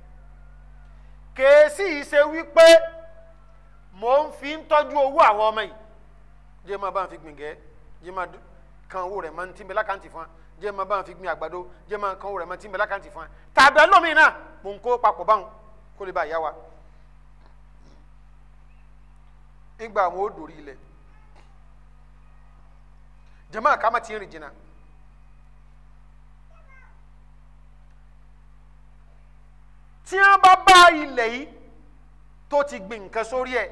kèésì yìí ṣe wípé mò ń fi ń tọ́jú owó àwọn ọmọ yìí jẹ́ máa bá ń fi jẹ́ máa kan owó rẹ̀ máa ń tìǹbẹ̀ lákàntì fún wa jẹ́ máa bá ń fi gbìn àgbàdo jẹ́ máa kan owó rẹ̀ máa ń tìǹbẹ̀ lákàntì fún wa tàbí ẹlòmíì náà mò ń kó papọ̀ báwọn kó lè bá ìyá wa. ìgbà àwọn ò dòrí ilẹ̀ ká ti rìn jìnnà tí wọ́n bá bá ilẹ̀ yìí tó ti gbin nǹkan sórí ẹ̀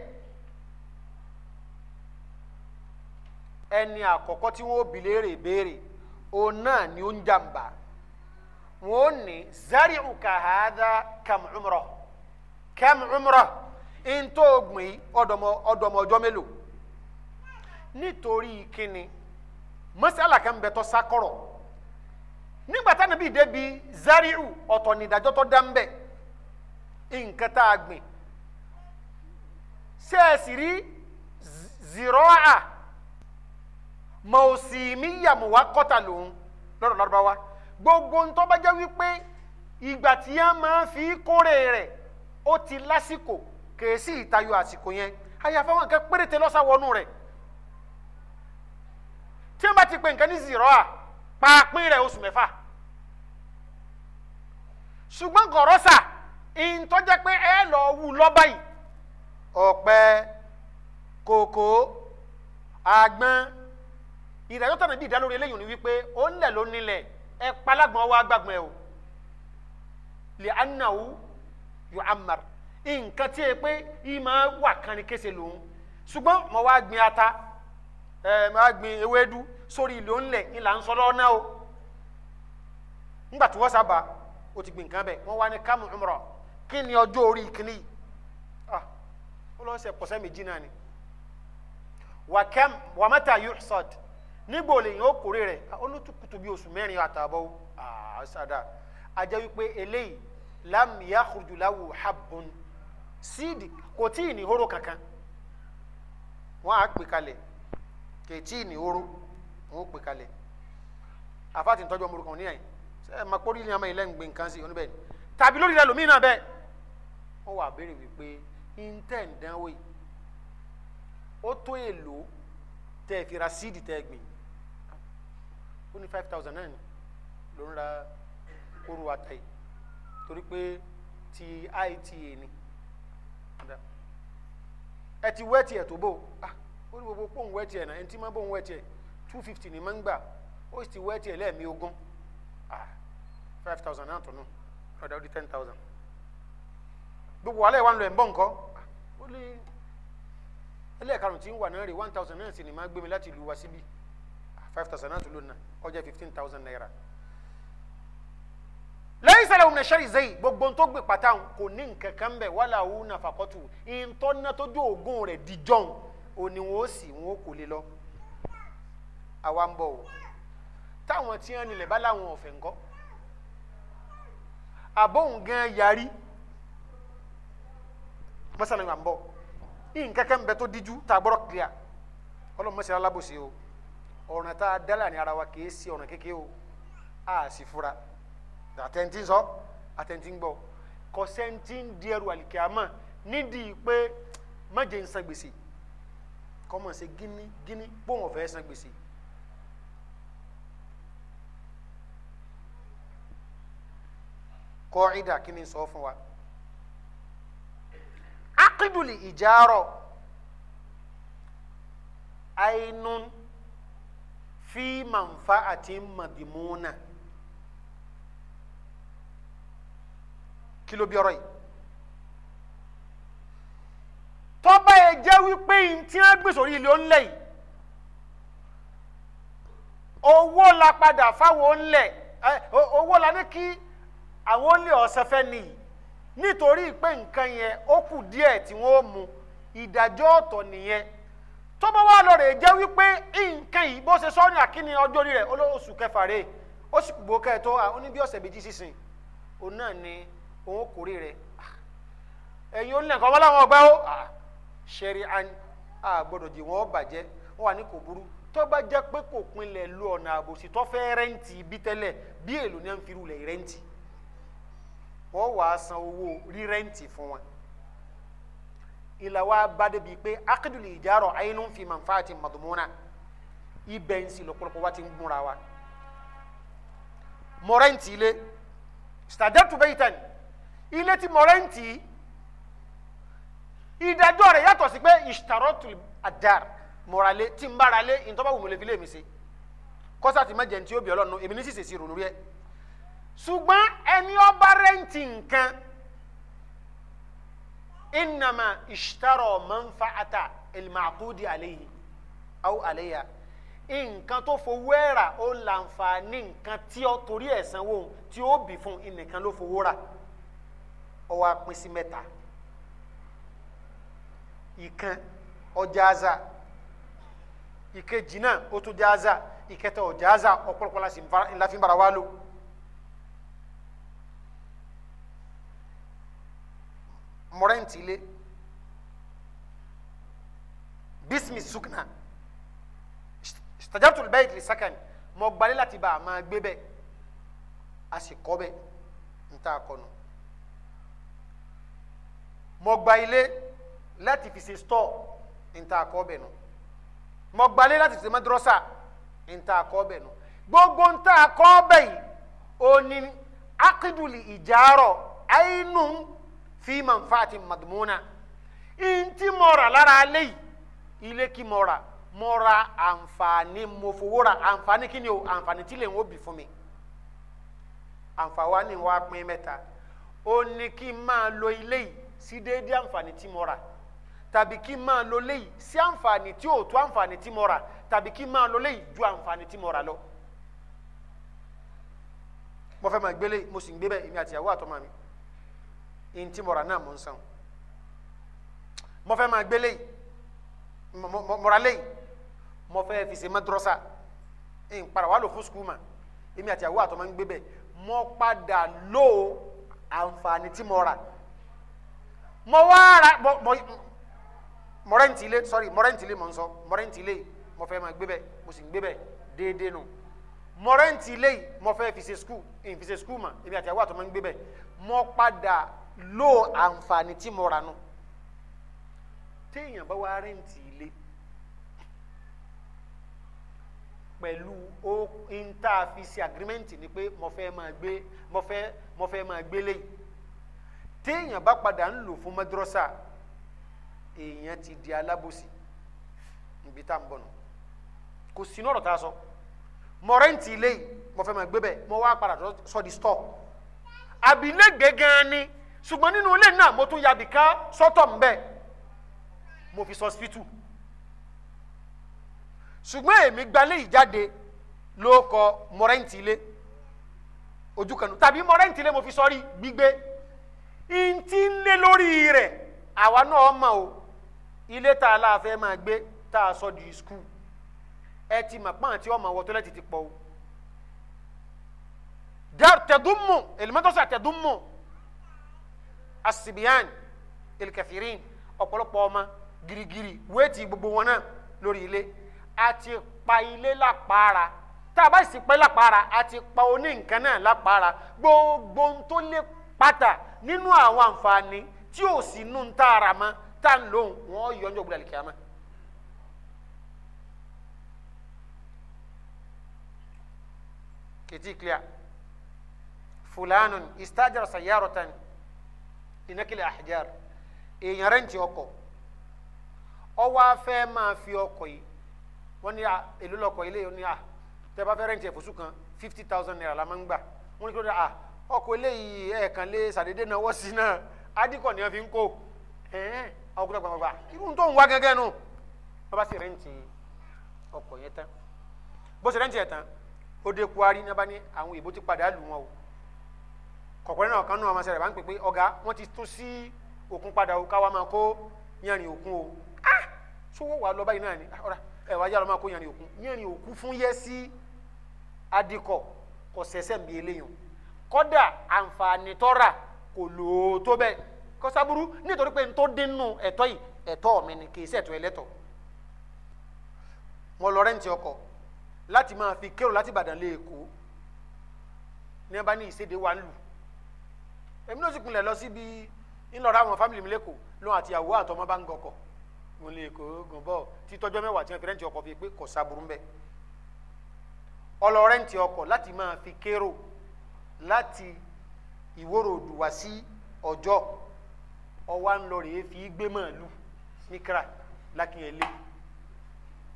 ẹni àkọ́kọ́ tí wọ́n bi léèrè béèrè òun náà ni ó ń jàǹbá wọn ò ní zari uka hada kam umra kam mélòó nítorí kan sakọrọ nígbà débi zari ọ̀tọ̀ nídàjọ́ dá nǹkan tá a gbìn ṣé ẹ sì rí zìrọ́à mọ̀ọ́sìmíyàmùwá kọ́tà lòun lọ́dọ̀ lọ́dọ̀ wa gbogbo ń tọ́ bá jẹ́ wípé ìgbà tí a máa fi kórè rẹ̀ ó ti lásìkò kèé sí ìtayọ àsìkò yẹn àyàfà wọn kẹ péréte lọ́sàwọnú rẹ̀ tí wọn bá ti pe nǹkan ní zìrọ́ à pàápín rẹ̀ oṣù mẹ́fà ṣùgbọ́n gọ̀rọ́sà. ìntọ́jẹ́ pé ẹ lọ wù lọ́ba yìí ọ̀pẹ kòkó àgbọn ìdájọ́ tàbí bí ìdálórí eléyìí ni wípé ó ń lẹ̀ ló nílẹ̀ ẹ palágbọ̀n wa gbàgbọ́n ẹ o lè anáwó yọ amar nǹkan tí ẹ pé ìmọ̀ wà kan kése lòun ṣùgbọ́n mo wá gbin ata ẹ gbin ewédú sórí ìlú ńlẹ̀ ń o tí wọ́n kí ni ọjọ́ orí kìíní ah ó lọ́n ṣe pọ̀sẹ́ méjì náà ni wàkẹ́m wàmẹ́ta yóò sọ̀d nígbò lèyìn ó kórè rẹ̀ olùtukùtù ah, bíi oṣù mẹ́rin àtààbọ̀ ah ṣáda ajẹ́ wípé eléyìí lam yakhruju lahu habbun síìdì kò tí ì ní hóró kankan wọ́n á pè kalẹ̀ kò tí ì ní hóró wọ́n ó pè kalẹ̀ àfáàtì ń tọ́jú ọmọ orúkọ níyàn sẹ́ẹ̀ máa kórìí ní àmọ́ ilé ń gbé nǹkan sí oníbẹ̀ ni tàbí lórí rẹ̀ lómìnira bẹ́ẹ̀ ó wá béèrè wípé intẹ̀ ń dánwó yìí ó tó èlò tẹ́ ẹ fi ra síìdì tẹ́ ẹ gbìn ó ní five thousand náà ló ń ra kóró ata yìí torí pé ti ita ni ẹ ti wẹ́ẹ̀tì ẹ̀ tó bò ah, ó ní gbogbo pòun wẹ́ẹ̀tì ẹ̀ náà ẹni tí máa bòun wẹ́ẹ̀tì ẹ̀ two fifty ni máa ń gbà ó sì ti wẹ́ẹ̀tì ẹ̀ lẹ́ẹ̀mí ogún ah, five thousand náà tó nù ọ̀dà ó di ten thousand gbogbo alẹ́ wa ń lọ ẹ̀ ń bọ̀ nǹkan ó lé ẹlẹ́ẹ̀karùn tí ń wà náà rè one thousand náà sì ni máa gbé mi láti ìlú wa síbí five thousand náà tún ló ná ọjọ́ fifteen thousand naira lẹ́yìn sẹ́lẹ̀ òun ṣẹ́rì zẹ́yì gbogbo tó gbé pátá kò ní nǹkan kan bẹ̀ wàhálà òun náà fàkọ́tù ìtọ́nà tó dé òògùn rẹ̀ dìjọ́n òní wọn ó sì wọn ó kò lè lọ àwa ń bọ̀ o táwọn tí wọn nílẹ̀ bá láwọn ọ̀fẹ́ ńkọ́ àbóhùn gan yarí masala ŋa bɔ i nka kɛ bɛɛ to diju t'a bɔrɔ kiliya wala masala labosi o ọ̀nà tá a dálà ní ara wa kì í sí o a sì fura àtẹ̀ntì sọ àtẹ̀ntì ń gbọ́ kọ́sẹ́ntì ń di ẹrù àlìkíyàmọ́ nídìí pé mẹ́jẹ ń san gbèsè kọ́mọ̀ ṣe gíní gíní bóun ọ̀fẹ́ san gbèsè. kọ́ ìdá kí ni sọ wa. عقد الإجارة عين في منفعة مضمونة kìlọ̀ bí ọ̀rọ̀ yìí tọ́ba ẹ jẹ́ wípé yìí tí wọ́n gbèsò orí ilé ńlẹ̀ yìí owó la padà fáwọn ńlẹ̀ owó la ní kí àwọn ńlẹ̀ ọ̀sẹ̀ fẹ́ nìyí nítorí pé nǹkan yẹn ó kù díẹ̀ tí wọ́n mu ìdájọ́ ọ̀tọ̀ nìyẹn tó bá wà lọ́rẹ̀ jẹ́ wípé nǹkan yìí bó ṣe sọ ní àkíní ọjọ́ orí rẹ̀ olóṣù kẹfà rè ó sì gbó kẹ́ẹ̀tọ́ ó ní ọ̀sẹ̀ méjì sísìn òun náà ni òun kórè rẹ̀ ẹ̀yin onílẹ̀ nǹkan ọmọláwọn ọgbà ó ṣẹ̀rí àgbọ̀dọ̀ jì wọ́n bàjẹ́ wọn wà ní kò burú tó bá jẹ́ pé kò pinlẹ̀ lu ọ̀nà àbòsí tó fẹ́ rẹ́ǹtì bí tẹ́lẹ̀ bí wọ́n wàá san owó rírẹ́ǹtì fún wọn ìlà wa bá débi pé akadùlù ìjárọ̀ ayinú fi manfaati madumuna ibẹ̀ ń sì lọ́pọ̀lọpọ̀ wá ti ń gbúnra wa mọ̀rẹ́ǹtì ilé stadẹ́tù bẹ́yìtẹ́ni ilé tí mọ̀rẹ́ǹtì ìdájọ́ rẹ̀ yàtọ̀ sí pé ìṣtàrọ́tù àdàr mọ̀ràlé tí ń bára lé ìtọ́bàwò mọ̀lẹ́bí lè mi sí kọ́sà ti mẹ́jẹ̀ ní tí ó bí èmi ní sísèsì rò lórí ẹ̀ ṣùgbọ́n ẹni ọba rẹ́ǹtì nǹkan innama ishtarọ manfaata ilmaakudi aleyhi aw aleya nǹkan tó fowó ẹ̀rà ó lànfààní nǹkan tí ó torí ẹ̀ sanwó tí ó bì fún ẹnìkan ló fowó rà ó wá pín sí mẹ́ta ìkan ọjàza ìkejì náà ó tún jàza ìkẹta ọjàza ọ̀pọ̀lọpọ̀ ńlá fi ń lò. mo rẹ́ǹtì ilé bísímì sukna stajartul bayt li sakani mo gbalẹ́ láti bá a máa gbé bẹ́ẹ̀ a sì kọ́ bẹ́ẹ̀ n ta kọ́nu mo gba ilé láti fi ṣe stọ́ọ̀ n ta kọ́ bẹ́ẹ̀ nù mo gbalẹ́ láti fi ṣe madrasa n ta kọ́ bẹ́ẹ̀ nù gbogbo n ta kọ́ bẹ́ẹ̀ yìí ó ní akiduli ìjárọ̀ àìnú fi manfaati madmuna ntí mọ̀ra lára alẹ́ yìí ilé kí mọ̀ra mọ̀ra àǹfààní mọ̀fowóra àǹfààní kí ni o àǹfààní tí lè ń wọ́bi fún mi àǹfààní wa pín mẹ́ta ó ní kí n máa lo ilé yìí sí déédéé àǹfààní tí mọ̀ra tàbí kí n máa lo ilé yìí sí àǹfààní tí ò tó àǹfààní tí mọ̀ra tàbí kí máa lo ilé ju àǹfààní tí mọ̀ra lọ mo fẹ́ máa gbélé mo sì ń gbé bẹ́ẹ̀ èmi àtìyàwó àtọmọ mi nti mọra náà mo ń san mo fẹ́ máa gbélé mọ̀rálé mo fẹ́ fi ṣe mẹ́tọ́rọ́sà ń padà wà ló fún sukùl ma èmi àti àwọn àtọ́ máa ń gbé bẹ́ẹ̀ mo padà lo àǹfààní tí mo rà mo wá ra mọ̀rẹ́ntìlé sorry mọ̀rẹ́ntìlé mo ń sọ mọ̀rẹ́ntìlé mo fẹ́ máa gbé bẹ́ẹ̀ mo sì ń gbé bẹ́ẹ̀ déédéé nù. No mọ̀rẹ́ǹtì ilé yìí mo fẹ́ fi ṣe skul èyí fi ṣe skul mà èmi àti àwọn àtọ́ máa ń gbé bẹ́ẹ̀ mo padà lo àǹfààní tí mo ra nu téèyàn bá wá rẹ́ǹtì ilé pẹ̀lú ó ń tá a fi ṣe agirimẹ́ǹtì ni pé mo fẹ́ máa gbé mo fẹ́ mo fẹ́ máa gbé léyìí téèyàn bá padà ń lò fún mẹ́dúrọ́sà èèyàn ti di alábòsí níbi tá à ń bọ̀ nù kò sínú ọ̀rọ̀ tá a sọ mo rẹ́ǹtì ilé yìí mo fẹ́ máa gbé bẹ́ẹ̀ mo wá padà sọ di stọ́ọ̀ àbílẹ̀ gẹ́gẹ́ ni ṣùgbọ́n nínú ilé náà mo tún yabì ká sọ́tọ̀ ń bẹ̀ mo fi sọ sípítù ṣùgbọ́n èmi gbalẹ̀ ìjáde ló kọ mọ́rẹ́ǹtì ilé ojú kanu tàbí mọ́rẹ́ǹtì ilé mo fi sọ́rí gbígbé ntí ń lé lórí rẹ̀ àwa náà mọ̀ o ilé tá a láàfẹ́ máa gbé tá a sọ di skul ẹ ti mọ̀ pọ́n àti ọmọ wọ́tọ́lẹ̀ ti ti pọ̀ o tẹ̀dúnmù èlùmọ́tọ́sà tẹ̀dúnmù asibiyan ilkafirin ọ̀pọ̀lọpọ̀ ọmọ girigiri wéètì gbogbo wọn náà lórí ilé a ti pa ilé lápára tá a bá sì pẹ́ lápára a ti pa oní nǹkan náà lápára gbogbo ohun tó lè pátá nínú àwọn àǹfààní tí ò sí nù ń tààrà mọ́ tá a ń lòun wọ́n yọ ọjọ́ gbọdọ̀ kíámà. kìtì clear fulanun istajara sayaratan linakili ahijar èèyàn rẹ́ǹtì ọkọ̀ ọwọ́ afẹ́ máa fi ọkọ̀ yìí wọ́n ní èlò lọ́kọ̀ ilé yìí ní à tẹ́ bá fẹ́ rẹ́ǹtì ẹ̀fọ́sù kan fifty thousand naira la máa ń gbà wọ́n ní kí ló dé à ọkọ̀ eléyìí ẹ̀ẹ̀kan lé sàdédé náwó sí náà adìkọ̀ ni wọ́n fi ń kó ẹ̀ẹ́n àwọn kúlọ̀ gbàgbà irú tó ń wá gẹ́gẹ́ nù wọ́n bá sì rẹ́ǹtì ọkọ̀ yẹn tán bó ṣe rẹ́ǹtì ẹ̀ tán ó dé kwari ní abá ní àwọn ìbò ti padà lù wọn o kọ̀pẹ́rẹ́ náà kan nù ọmọ sẹ̀rẹ̀ bá ń pè pé ọ̀gá wọ́n ti tún sí òkun padà o káwa máa kó yanrìn òkun o ah sówó wà lọ báyìí náà ni ah, ọ̀rá ẹ̀ wájà lọ́ máa kó yanrìn òkun yanrìn òkun fún yẹ́ sí adìkọ̀ kò sẹ́sẹ̀ ń bi eléyìí kọ́dà àǹfààní tọ́ra kò lò ó tó bẹ́ẹ̀ kò sábúrú nítorí pé n tó dín nù ẹ̀tọ́ yìí ẹ̀tọ́ mi ni kì í ṣẹ̀tọ́ ní ẹ ní ìséde wa ń lù èmi náà sì pinlẹ̀ lọ síbi ńlọrọ àwọn fámìlì mi lẹ́kọ̀ọ́ lóun àti ìyàwó àtọmọ bá ń gọkọ̀ mo lè kó gùn bọ̀ títọ́jọ́ mẹ́wàá tí wọn fẹ́rẹ́ǹtì ọkọ̀ fi pé kò sábúrú ń bẹ ọlọ́rẹ́ǹtì ọkọ̀ láti máa fi kérò láti ìwòròdù wá sí ọjọ́ ọwá ń lọ rèé fi gbé màálù níkra lákìnyẹlé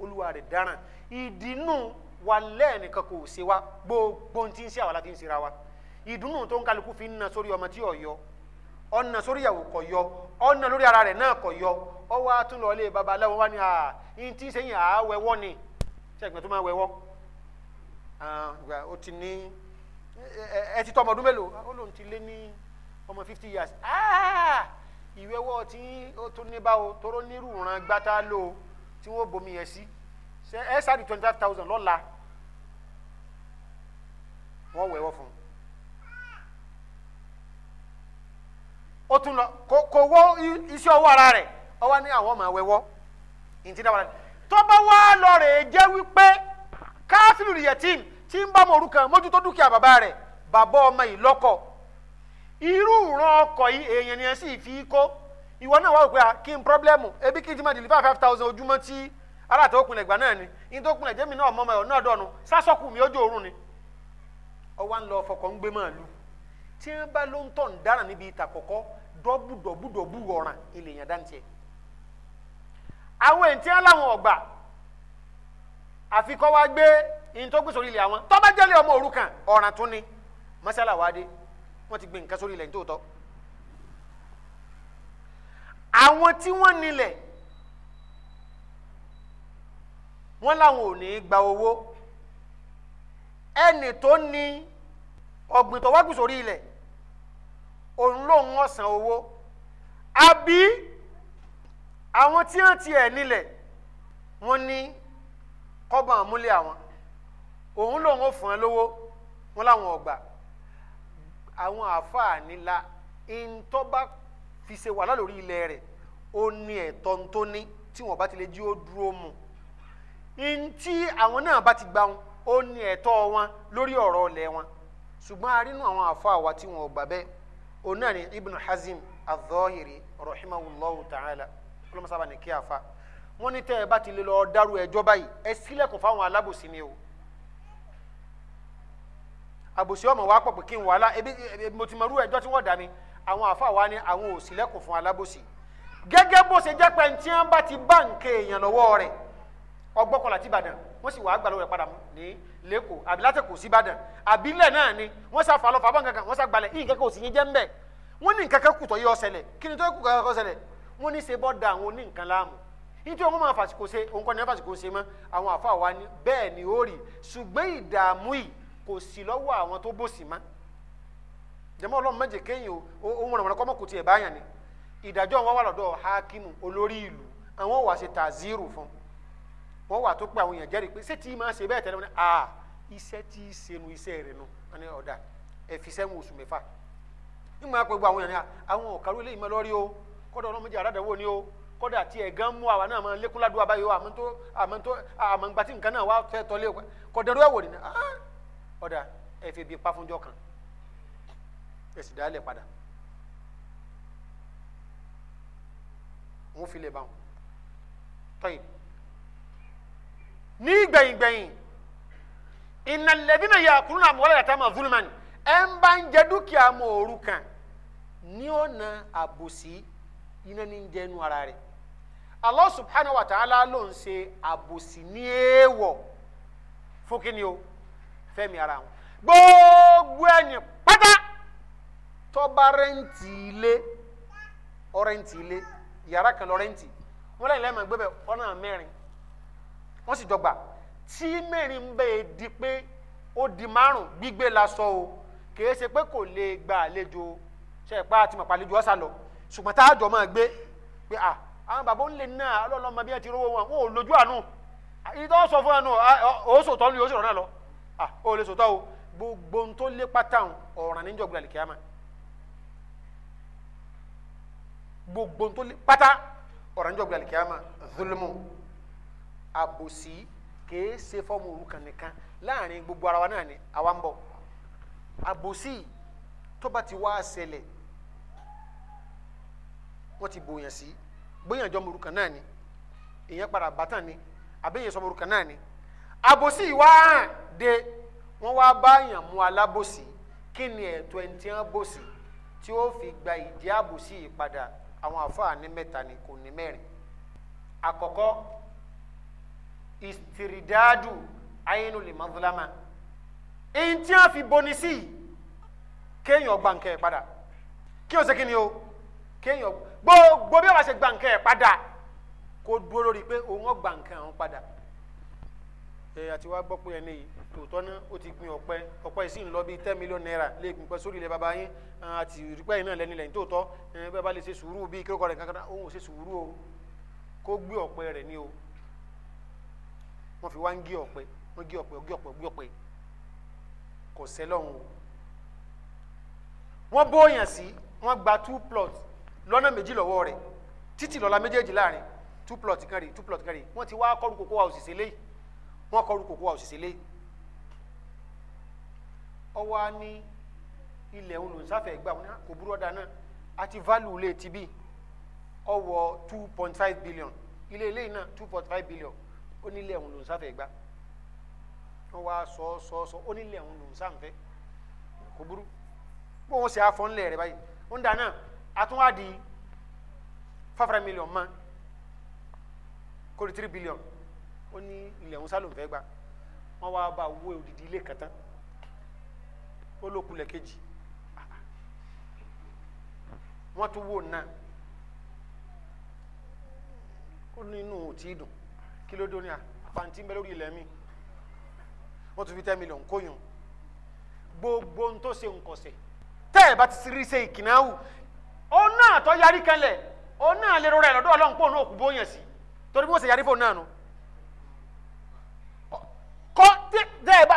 olúwa rẹ̀ dáràn ìdínú wa lẹ́ẹ̀nìkan kò ṣe wa gbogbo ohun tí ń ṣe àwa láti ń ṣe ra wa ìdùnnú tó ń kálukú fi ń na sórí ọmọ tí ọ̀yọ́ ọ̀nà sórí ìyàwó kọ̀ yọ ọ̀nà lórí ara rẹ̀ náà kọ̀ yọ ọ wá baba lọ ilé babaláwo wá ní à yín tí sẹ́yìn à wẹ̀wọ́ ni sẹ́gbẹ̀ẹ́ tó máa wẹ̀wọ́ ó ti ní ẹ ti tọ́ ọmọ ọdún mélòó ó lóun ti lé ní ọmọ fifty years ìwẹ́wọ́ tí ó tún ní báwo tóró nírú ràn gbátá lò ó tí wọ́n bomi yẹn sí ẹ ṣáà twenty five thousand lọ́la wọ́n wẹ̀wọ́ fún un. ó tún ko ko wo isi ara rẹ, ọwa ni àwọn ma àwẹ̀wọ́ ìtìdáwọ̀ rẹ̀ tó bá wá lọ rè é dúkìá rẹ̀ ni sì fi kó ìwọ náà wá wípé kí n pírọ́blẹ́mù ebi kí n ti máa dìlífà five thousand ara tó kunlẹ̀ gbà náà ni in tó kunlẹ̀ jẹ́mi náà mọ́mọ́ ẹ̀ náà mi ojú dɔbu dɔbu dɔbu wɔran ilé yẹn dantɛ àwọn èntì aláwọn ọgbà àfi kọ́ wá gbé ìntọ́gbé sórí ilé àwọn tọ́ba jẹ́lẹ̀ ọmọ òrukàn ọ̀ràn tún ni masala wa dé wọ́n ti gbé nǹkan sórí le. ní tòótọ́ àwọn tí wọ́n nílẹ̀ wọ́n làwọn ò ní gba owó ẹnì tó ní ọ̀gbìn tó ilẹ̀ òun lòun ọ̀sán owó àbí àwọn tí wọ́n tiẹ̀ nílẹ̀ wọ́n ní kọ́bọ̀n àmúlé àwọn òun lòun ò fún ẹ lówó wọn làwọn ọgbà àwọn àáfàá nílá ìǹtọ́ba fi ṣe wàhálà lórí ilẹ̀ rẹ̀ ó ní ẹ̀tọ́ tó ní tí wọ́n bá ti lè jí ó dúró mu ntí àwọn náà bá ti gbà wọn ó ní ẹ̀tọ́ wọn lórí ọ̀rọ̀ ọ̀lẹ̀ wọn ṣùgbọ́n a rí nínú àwọn àáfàá wa tí wọ́n gbà bẹ́ẹ̀ òun náà ni ibn hazim adh-dhahiri rahimahullahu ta'ala ọlọmọsábà ní kí a wọn ní tẹ ẹ bá ti lè lọ dárú ẹjọ báyìí ẹ ṣílẹ̀kùn fáwọn alábòsí ni o àbòsí ọmọ wa pọ̀ pé kí n ebi ti mọ dami. ẹjọ́ tí wọ́n àwọn wa ni àwọn ò ṣílẹ̀kùn fún alábòsí gẹ́gẹ́ bó ṣe jẹ́ wọ́n sì wàá gbà lọ́wọ́ rẹ̀ padà ní lẹ́kọ̀ọ́ àbí látẹ̀kọ̀ sí Ìbàdàn àbí ilẹ̀ náà ni wọ́n sá fa lọ́fà bọ́ǹkankan wọ́n sá gbalẹ̀ yìí kankan òsì yín jẹ́ ńbẹ̀ wọ́n ní nǹkan kan kùtọ̀ yọ ọsẹlẹ̀ kí ni tó kù kankan ọsẹlẹ̀ wọ́n ní ṣe bọ́ da àwọn oní láàmú nítorí wọn máa fàṣìkò ṣe òun kọ́ni fàṣìkò ṣe mọ́ àwọn àfa wa ni bẹ́ẹ̀ ni ó rí ṣùgbọ́n ìdààmú yìí kò sí lọ́wọ́ àwọn tó bòsì mọ́ jẹ́mọ́ ọlọ́run méje kéyìn o òun rànmọ́ràn kọ́mọ́ kò tiẹ̀ báyàn ni ìdájọ́ wọn wà lọ́dọ̀ hakimu olórí ìlú àwọn wàá ṣe tàzírù fún un wọ́n wà tó pé àwọn èèyàn jẹ́rìí pé ṣé tí máa ṣe bẹ́ẹ̀ tẹ́lẹ̀ wọn ni a ah, iṣẹ́ tí í ṣe nu iṣẹ́ rẹ̀ nu wọn ni ọ̀dà ẹ fi sẹ́wọ̀n oṣù mẹ́fà nígbà pé gbogbo àwọn èèyàn ni àwọn ọ̀kàrú ilé ìmọ̀ lọ́rí o kọ́dọ̀ ọlọ́mọdé àràdàwọ̀ ni o kọ́dà tí ẹ̀gán mú àwa náà máa lékún ládùúgbò abáyé o àmọ́ tó àmọ́ tó àmọ́ gba tí nǹkan náà wá fẹ́ tọ́lé o kọ́dọ̀rọ̀ ẹ̀wò ni ah, ọ̀dà ẹ fi bí pa fúnjọ kan ẹ sì dálẹ̀ padà wọ́n fi lè tọ́yìn ní gbẹ̀yìngbẹ̀yìn ìnàlẹ́dínà yà kúrú náà mọ́lẹ́ yàtá máa zulman ẹ̀ ń bá ń jẹ dúkìá mọ́ òru kan ní ọ̀nà àbòsí iná ní jẹ́nu ara rẹ̀ Allah subhanahu wa ta'ala ló ń ni àbòsí ní èèwọ̀ fúnkíni o fẹ́mi ara wọn gbogbo ẹni pátá tọ́ba rẹ́ǹtì ilé ọ̀rẹ́ǹtì ilé yàrá kan lọ́rẹ́ǹtì wọn lẹ́yìn lẹ́yìn máa gbé bẹ́ẹ̀ ọ̀nà wọ́n sì jọ gbà tí mẹ́rin ń bẹ́ẹ̀ di pé ó di márùn gbígbé lasọ o kìí ṣe pé kò lè gba àlejò ṣe ìpá àti mọ̀pá àlejò ọ̀sà lọ ṣùgbọ́n tá a jọ máa gbé pé à àwọn bàbá ń lè ná ọlọ́ọ̀lọ́ ọmọ bí ẹ ti rówó wọn wọn ò lójú àánú ìtọ́ sọ fún ẹnu òó sòtọ́ ni òó sòrọ̀ náà lọ ò lè sòtọ́ o gbogbo ohun tó lé pátá ọ̀ràn níjọ́ gbọ́dọ̀ lè kíá ma gbogbo ohun tó lé pátá ọ̀ràn níjọ́ gbọ́dọ̀ lè kíá ma zulmu àbòsí kèé ṣe fọ́ọ̀mù òrukàn nìkan láàrin gbogbo ara wa náà ni àwa ń bọ̀ àbòsí tó bá ti wá ṣẹlẹ̀ wọ́n ti bòyàn sí bóyàn jọmọ òrukàn náà ni èèyàn padà bàtàn ni àbẹ́yẹn sọmọ òrukàn náà ni àbòsí wá de wọ́n wá báyàn mú alábòsí kí ni ẹ̀tọ́ ẹni tí wọ́n bòsí tí ó fi gba ìdí àbòsí yìí padà àwọn àfáà ní mẹ́ta ni kò ní mẹ́rin àkọ́kọ́ istiridadu ayinu lè mọ́tòlámà èyí tí wọ́n fi boni sí kéèyàn gba nǹkan ẹ̀ padà kí o ṣe kí ni o kéèyàn gbogbo bí wọ́n ṣe gba nǹkan ẹ̀ padà kó dúró lórí pé òun ó gba nǹkan ọ̀hún padà ẹ àti wá gbọ́ pé ẹni yìí tòótọ́ náà ó ti gbin ọ̀pẹ ọ̀pẹ yìí sì ń lọ bíi ten million naira lè gbin pẹ́ sórí ilẹ̀ baba yín àti ìrìpẹ́ yìí náà lẹ́ni lẹ́yìn tòótọ́ ẹ bẹ́ẹ̀ bá lè ṣe sùúrù bíi kírókọ rẹ̀ kankan òun ò ṣe sùúrù o kó gbé ọ̀pẹ rẹ̀ ní o wọ́n fi wá ń gé ọ̀pẹ wọ́n gé ọ̀pẹ gé ọ̀pẹ gé ọ̀pẹ kò sẹ́lọ̀hún o wọ́n bóyàn sí wọ́n gba two plot lọ́nà méjì lọ́wọ́ rẹ̀ títí lọ́la méjèèjì láàrin two plot kan rè two plot kan rè wọ́n ti wá kọ́rù kókó wa òṣìṣẹ́ lé wọ́n kọ́rù kókó wa òṣìṣẹ́ lé ọwọ́ á ní ilẹ̀ òun ló ń gbà wọn kò burú ọ̀dà náà àti value lè ti bí two point five billion ilé eléyìí náà two point five billion onílé ọ̀hún ló ń sáfẹ́ gbá wọ́n wá sọ sọ sọ onílé ọ̀hún ló ń sáfẹ́ kò burú bó wọn ṣe afọ́nlẹ̀ rẹ̀ báyìí ó ń dáná àtúnwádì fáfárá mílíọ̀n mọ́ kórè tírí bílíọ̀n ó ní ilẹ̀ ọ̀hún sálò ń fẹ́ gbá wọ́n wá bá wó odidi ilé kan ó ló kulẹ̀ kejì wọ́n tún wò náà ó nínú ò tí ì dùn kí ló dóni à ah, pàǹtí ń bẹ lórí ilẹ̀ mi wọ́n tún fi ten million kóyún gbogbo ń tó ṣe nkọ̀sẹ̀ tẹ́ ẹ̀ bá ti ṣe rí ṣe ìkìnnáwó òun náà tó yarí kanlẹ̀ òun náà lè rọra ẹ̀ lọ́dọ̀ ọlọ́run pòun náà kú bóyàn sí torí bí wọ́n ṣe yarí fóun náà nu kọ́ tẹ́ ẹ̀ bá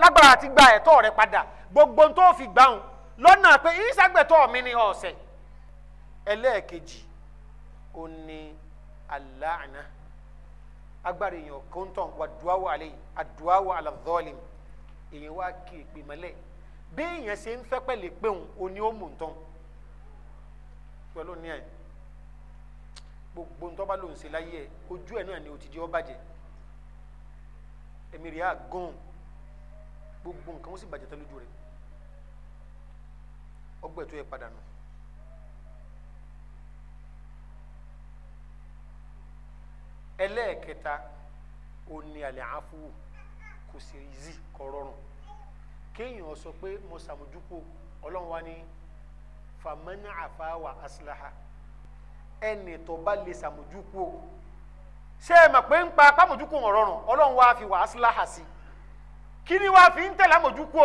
lágbára àti gba ẹ̀tọ́ rẹ padà gbogbo ń tó fi gbàùn lọ́nà pé ìṣàgbẹ̀tọ́ mi ni ọ̀sẹ̀ ẹlẹ́ẹ̀kejì ó ní aláàánà agbára èèyàn kó ń tàn wà duwawu alẹ́ yìí aduwawu alazọ́ọ̀lì èèyàn wá kí èpè mọ́lẹ̀ béèyàn ṣe ń fẹ́ pẹ̀lẹ́ pẹ̀hùn oní òmù ń tàn pẹ̀lú ní ẹ̀ gbogbo ń tọ́ba ló ń ṣe láyé ẹ̀ ojú ẹ̀ náà ni òtítí ọ bàjẹ́ ẹ̀mí rẹ̀ á gùn gbogbo nǹkan ó sì bàjẹ́ tán lójú rẹ̀ ọgbẹ́ tó yẹ padà nù. ẹlẹ́ẹ̀kẹta ó ní alẹ́ àáfù kò sì easy kò rọrùn kéèyàn sọ pé mo sàmójúkò ọlọ́run wa ní famana àfáwà asilaha ẹnì tó bá lè sàmójúkò ṣé ẹ mọ̀ pé ń pa ọ̀rọ̀rùn ọlọ́run wa fi wà asilaha sí kí ni wàá fi ń tẹ̀lé àmójúkò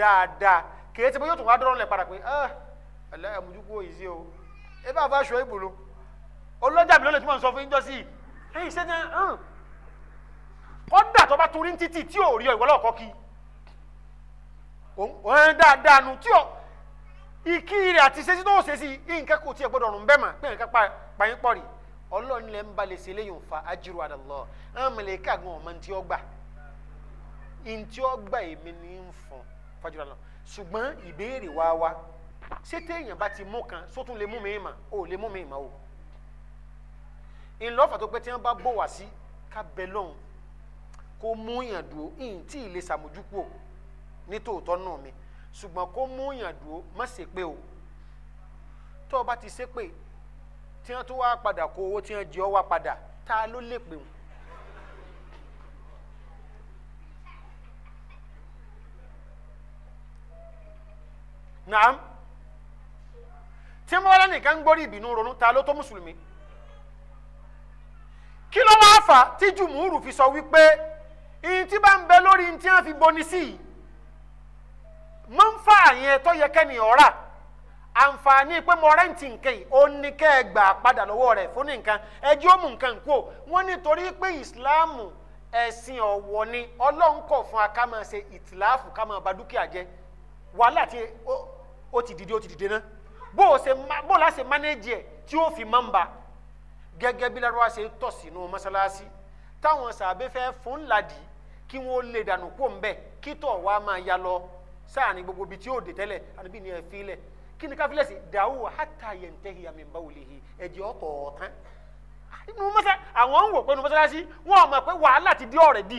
dáadáa kì í ṣe pé yóò tún wá dọ́rọ́ lẹ̀ padà pé ẹ ah, yìí sí o ẹ bá aṣọ ẹ̀yìn ṣẹ́jà hàn kọ́dà tó bá torí títì tí ò rí ọ ìwọ́lọ́ ọ̀kọ́ kí òun dáadáa nu tí ò ìkí rẹ̀ àti ṣe sí tó ṣe sí nǹkan kò tiẹ̀ gbọ́dọ̀ rùn bẹ́ẹ̀ mà pé nǹkan pààyàn pọ̀ rì ọlọ́run lẹ́ ń balẹ̀ sí eléyìí fa ajiru àdàlọ́ àwọn mẹlẹ́kà gan ọmọ ntí ọgbà ntí ọgbà èmi ní ń fọn fàjúrà lọ ṣùgbọ́n ìbéèrè wá wá ṣé téèyàn bá ti mú kan sótún lè mú mi mà ìlọ́fà tó pé tí wọ́n bá bọ̀ wá sí kábẹ́ lọ́hùn kó mú yàn dúró ìyìn tí ìlẹ̀ sàmójúkú o ní tòótọ́ náà mi ṣùgbọ́n kó mú yàn dúró má ṣe pé o tó o bá ti ṣe pé tí wọ́n tó wá padà kó owó tí wọ́n jẹ ọ́ wá padà ta ló lè pè wọ́n. naam tí wọ́n wá lẹ́nìkan ń gbórí ìbínú ronú ta ló tó mùsùlùmí kí ló wáá fà tí jùmùúrù fi sọ wípé ihun tí bá ń bẹ lórí ihun tí wọ́n fi boni sí i mọ ń fa àyẹn tó yẹ kẹ́ni ọ̀rà àǹfààní pé mo rẹ́ǹtì nǹkan yìí ó ní kẹ́ ẹ gbà padà lọ́wọ́ rẹ̀ fún nǹkan ẹjẹ́ ó mú nǹkan kú ò wọ́n nítorí pé ìsìláàmù ẹ̀sìn ọ̀wọ̀ ni ọlọ́run kọ̀ fún wa ṣe ìtìláàfù ká ba dúkìá jẹ wàhálà tí ó ti dìde ó ti dìde ná bó o ṣe bó o láṣẹ mánéjì ẹ̀ tí ó fi máa ń ba gẹ́gẹ́ bí Lárúbáwá ṣe tọ̀ sínú mọ́sálásí táwọn sàbẹ̀ fẹ́ fún ladì kí wọ́n lè dànù kó ń bẹ̀ kí tọ̀ wá máa ya lọ sáàrin gbogbo ibi tí yóò dé tẹ́lẹ̀ àdúgbò ni ẹ fi lẹ̀ kí ni káfílẹ̀ sí dàwù hàtà yẹ̀ntẹ́hì àmì ìbáwòlìhì ẹ̀jẹ̀ ọ̀tọ̀ ọ̀tán inú mọ́sá àwọn ń wò pé inú mọ́sálásí wọn ò mọ̀ pé wàhálà ti di ọ̀rẹ́ di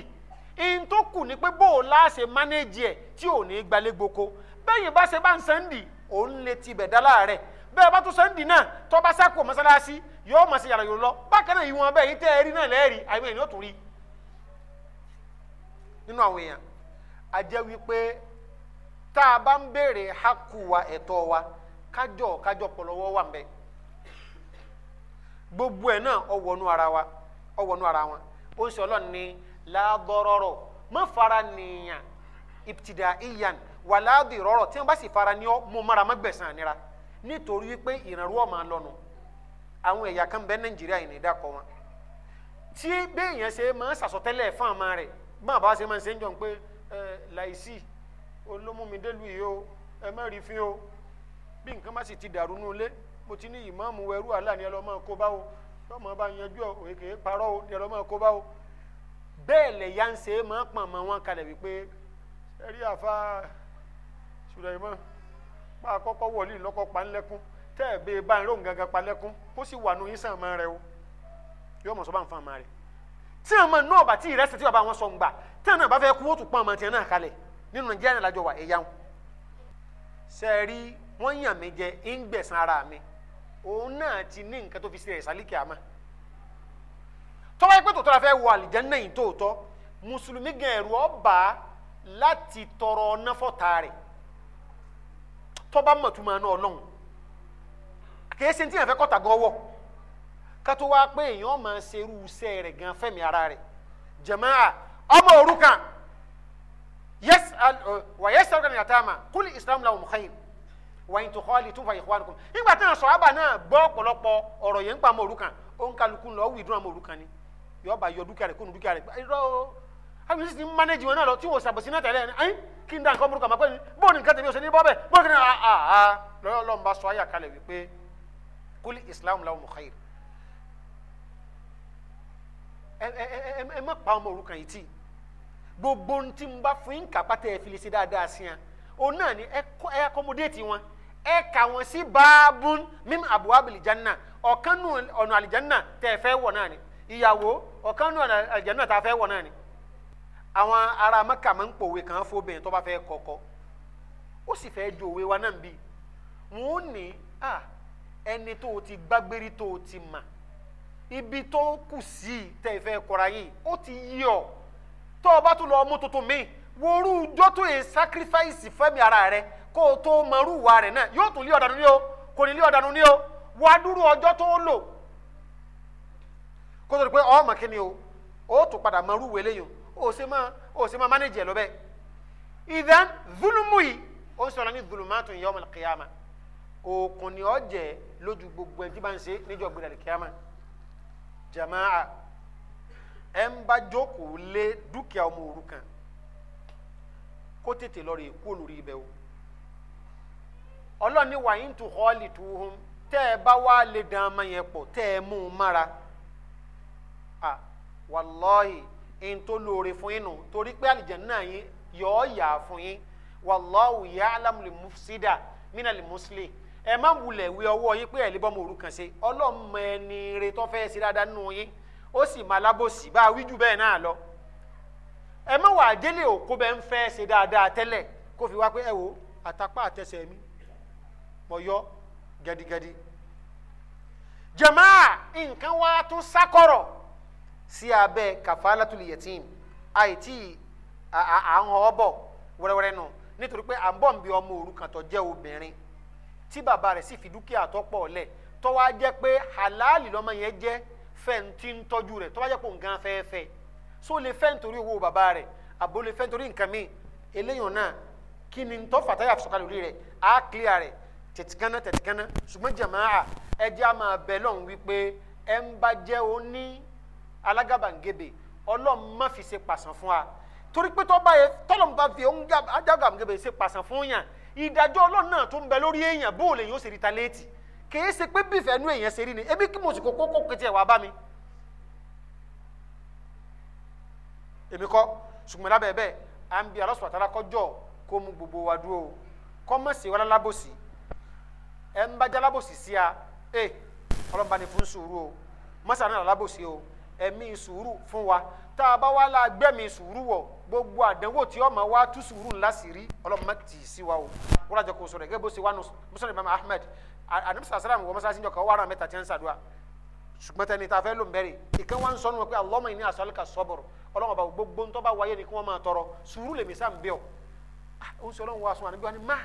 in tó kù ni pé bó o láṣẹ mánéèjì ẹ̀ tí ò ní gbalẹ̀ gboko bẹ́yìn bá ṣe bá ń sànńdì òun lè tibẹ̀ dá láàrẹ̀ bẹ́ẹ̀ bá tún sànńdì náà tó bá sáko mọ́sálásí yóò máa ṣe yàrá yòó lọ bákan náà ìwọ̀n bẹ́ẹ̀ yìí tẹ́ ẹ rí náà lẹ́ẹ̀rí rí nínú àwọn èèyàn a jẹ́ wípé tá a bá ń béèrè haku wa ẹ̀tọ́ wa kájọ kájọ pọ̀lọ́wọ́ wà ń bẹ gbogbo ẹ̀ náà ọwọ́nú ara wa ọwọ́nú ara wọn ó sọ ní ládọ́rọ́rọ́ fara nìyàn ìtìdá ìyàn tí wọ́n bá sì fara ní mo mara gbẹ̀sán nira àwọn ẹ̀yà kan bẹ́ẹ̀ nàìjíríà yìí ní ìdákọ̀ wọn tí béèyàn ṣe máa ń sàsọtẹ́lẹ̀ fún àmà rẹ̀ bá àbá ṣe máa ń ṣe ń jọ pé ẹ láìsí olómùmídélù yìí o ẹ má rí fín o bí nǹkan bá sì ti dàrú nù lé mo ti ní ìmáàmù ẹrú àlàní ẹlọmọ kó bá o lọmọ bá yanjú ọ òye kìí parọ́ o ẹlọmọ kó bá o bẹ́ẹ̀ lẹ̀ ya ń ṣe máa ń mọ́ wọn kalẹ̀ wípé ẹ rí àfa Sulaiman pa àkọ́kọ́ wọlé lọ́kọ́ pa ńlẹ́kùn tẹ́ ẹ̀ bẹ́ẹ̀ bá ń ròhùn gangan palẹ́kún kó sì wà nù yín sàn máa rẹ o yóò mọ̀ sọ bá ń fọ́n máa rẹ tí àwọn náà bá tí ìrẹsì tí bàbá wọn sọ ń gbà tí àwọn náà bá fẹ́ kú wọ́n tún pọ́n ọmọ tiẹ̀ náà kalẹ̀ nínú nàìjíríà náà lájọ wà ẹ̀yà wọn. sẹ́ẹ̀rí wọ́n yàn mí jẹ ń gbẹ̀sán ara mi òun náà ti ní nǹkan tó fi ṣe ìsálíkì àmọ́. tọ́wọ́ ẹgbẹ́ tòótọ́ la fẹ́ wọ àlìjánnà yìí tòótọ́ mùsùlùmí gan ẹ̀rù ọba láti tọrọ náfọ̀tà rẹ̀ tọ́ba mọ̀túmọ̀ náà ọlọ́run kìí ṣe tí yàn fẹ́ kọ́ta gan wọ̀ kátó wá pé èèyàn máa ṣe irú iṣẹ́ rẹ̀ gan fẹ́mi ara rẹ̀ jamaa ọmọ òrukàn yes uh, wa yes ọ̀rọ̀ kan yàtá ma kúlì islam làwọn mọ̀kàyìn wàyí tó kọ́ àlè tó fà ìkọ́ àlùkùn nígbà tí wọn sọ àbà náà gbọ́ ọ̀pọ̀lọpọ̀ ọ̀rọ̀ yẹn ń pa ọmọ òrukàn ó ń kálukú lọ wí dúró ọmọ òrukàn ni yọ ọba yọ dúkìá rẹ kó nu dúkìá rẹ irọ́ o àwọn ìṣẹ̀sì ń mánéjì wọn náà lọ tí wọn ṣàbòsí náà tẹ̀lé ẹni kí n dá nǹkan ọmọ òrukàn máa pẹ́ bóun nǹkan tẹ̀lé ọ̀sẹ̀ ní bọ́ọ̀bẹ̀ bóun kì كل islam lahum khair ẹ ẹ ẹ ẹ má pa ọmọ òrukàn yìí tì gbogbo ntí n bá fún yín kápá tẹ ẹ fi lè ṣe dáadáa sí yẹn òun náà ni ẹ accommodate wọn ẹ kà wọn sí báábùn mímu àbúwá àbìlìjánná ọ̀kan nù ọ̀nà àlìjánná tẹ ẹ fẹ́ wọ̀ náà ni ìyàwó ọ̀kan nù ọ̀nà àlìjánná tẹ ẹ fẹ́ wọ̀ náà ni àwọn ará mẹ́kà máa ń pòwe kàn án fóbìnrin tó bá fẹ́ kọ́kọ́ ó sì fẹ́ ju wa náà bí wọ́n ní ah ẹni tó o ti gbágbérí tó o ti mà ibi tó kù sí tẹ̀ fẹ́ kọ́ra yìí ó ti yí ọ tó o bá tún lọ ọmú tuntun mi worú ijó tó yẹ sacrifice fẹ́mi ara rẹ kó o tó mọ̀rú ìwà rẹ̀ náà yóò tún lé ọ̀dànù ní o kò ní lé ọ̀dànù ní o wàá dúró ọjọ́ tó lò kó tó di pé ọmọ kí ni o ó tún padà mọ̀rú ìwé lẹ́yìn o ṣe máa o ṣe máa manage ẹ̀ lọ́bẹ̀ ìdán zulumu yìí ó ń sọ̀rọ̀ ní zulumatu yawm al-qiyama òkùn ni ọ jẹ́ lójú gbogbo ẹni tí bá ṣe jamaa ẹ ń bá jókòó lé dúkìá ọmọ kan kó tètè lọ rè kú olórí ibẹ̀ o ọlọ́ọ̀ni wà yín họ́ọ̀lì tù hùm tẹ́ ẹ bá wá lè dán ọmọ yẹn pọ̀ tẹ́ ẹ mú un mára wàlọ́ọ̀hì tó lóore fún torí pé yọ̀ọ́ yà á fún yín wàlọ́ọ̀hù ẹ má wulẹ̀ wí ọwọ́ yín pé ẹ̀ lè bọ́mọ òrukàn ṣe ọlọ́mọ ẹni re tó fẹ́ bá a wí jù bẹ́ẹ̀ náà lọ ẹ má wà délé òkú bẹ́ẹ̀ ń fẹ́ ṣe dáadáa tẹ́lẹ̀ kó fi wá pé ẹ àtàpá àtẹsẹ̀ yọ gẹ́dígẹ́dí jamaa nǹkan wá tún sákọ̀rọ̀ sí abẹ́ kàfálátùlì àìtí à ń ọ wẹ́rẹ́wẹ́rẹ́ nù nítorí pé tí bàbá rẹ̀ sì fi dúkìá tọ́pọ̀ lẹ̀ tó wá jẹ́ pé halali lọ́mọ yẹn jẹ́ fẹ́ǹtì ń tọ́jú rẹ̀ tó wá jẹ́ pé òǹkan fẹ́ẹ́fẹ́ so lè fẹ́ nítorí owó bàbá rẹ̀ àbò lè fẹ́ nítorí nǹkan míì eléyàn náà kí ni tó fàtáyà fi sọ̀kalẹ̀ orí rẹ̀ á clear rẹ̀ tètìkánná tètìkánná ṣùgbọ́n jàmáà ẹjẹ́ a máa bẹ̀ lọ́n wípé ẹ ń bá jẹ́ ó ní alágàbàǹgebè ọlọ́run má fi ṣe pàṣán fún wa torí pé tọ́lọ́mù bá fi ó ń ajágàbàǹgebè ṣe pàṣán fún yàn ìdájọ́ ọlọ́run náà tó ń bẹ lórí èèyàn bó lè yóò ṣe ríta léètì kìí ṣe pé bífẹ̀ẹ́ nú èèyàn ṣe rí ni ebi kí mo sì kókó kókó tiẹ̀ bá mi. èmi kọ́ ṣùgbọ́n lábẹ́ bẹ́ẹ̀ bi alọ́sùn kọjọ́ kó mu gbogbo wa dúró kọ́ mọ̀ sí wàlá lábòsí ẹ̀ ń bájá a ẹ̀ eh, ọlọ́mọba ni fún sùúrù o mọ́sàánù labosi o ẹ̀mí sùúrù fún wa tá sùúrù wọ̀ gbogbo àdánwò tí ọmọ wa tú sùúrù ńlá sí rí ọlọ́run má tì í sí wa o wọ́n lajọ kó sọ̀rọ̀ gẹ́gẹ́ bó ṣe wà nù mùsùlùmí mama ahmed anamisa salam wọ́n mọ́sálásí njọkọ̀ wàrà mẹ́ta tí ń sàdúrà ṣùgbọ́n tẹ́ni tá a fẹ́ lò ń bẹ̀rẹ̀ ìkan wa ń sọ nù pé allahumma inni as'aluka sabr ọlọ́run ọba gbogbo ntọ́ bá wáyé ni kí wọ́n máa tọrọ sùúrù lèmi sá ń bẹ́ ọ ó ń sọ ọlọ́run wa sùn àná bí wọ́n ni má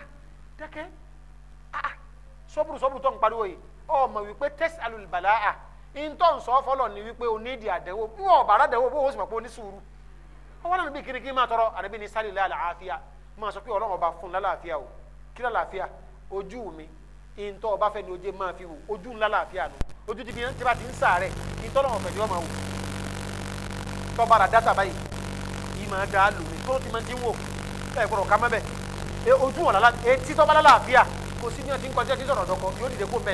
dákẹ́ sọ́bùrù sọ́bùrù tó ń pariwo yìí ọmọ wípé tas'alul balaa ntọ́ ń sọ fọlọ́ ni wípé onídìí àdẹ́wò bí wọ́n ọ̀bàrà àdẹ́wò bó wọ́n sì mọ̀ pé onísùúrù wọn nana bí kiriki máa tọrọ àdàbí ni sálí lálẹ́ àáfíà máa sọ pé ọlọ́run ọba fún lálàáfíà o kí lálàáfíà ojú mi ìntọ́ ọba fẹ́ ni ojú máa fi wò ojú ńlá lálàáfíà nù ojú ti fi bá ti ń sàárẹ̀ ìntọ́ náà ọ̀fẹ́ ni wọ́n máa wò tọ́ba rà dátà báyìí yìí máa dá lò ní tó ti máa ti wò ẹ̀ gbọ́dọ̀ ká mẹ́bẹ̀ ojú wọn lálá etí tọ́ba lálàáfíà kò sí ní ọtí ń kọjá tí sọ̀rọ̀ dọ́kọ yóò dìde kó o pé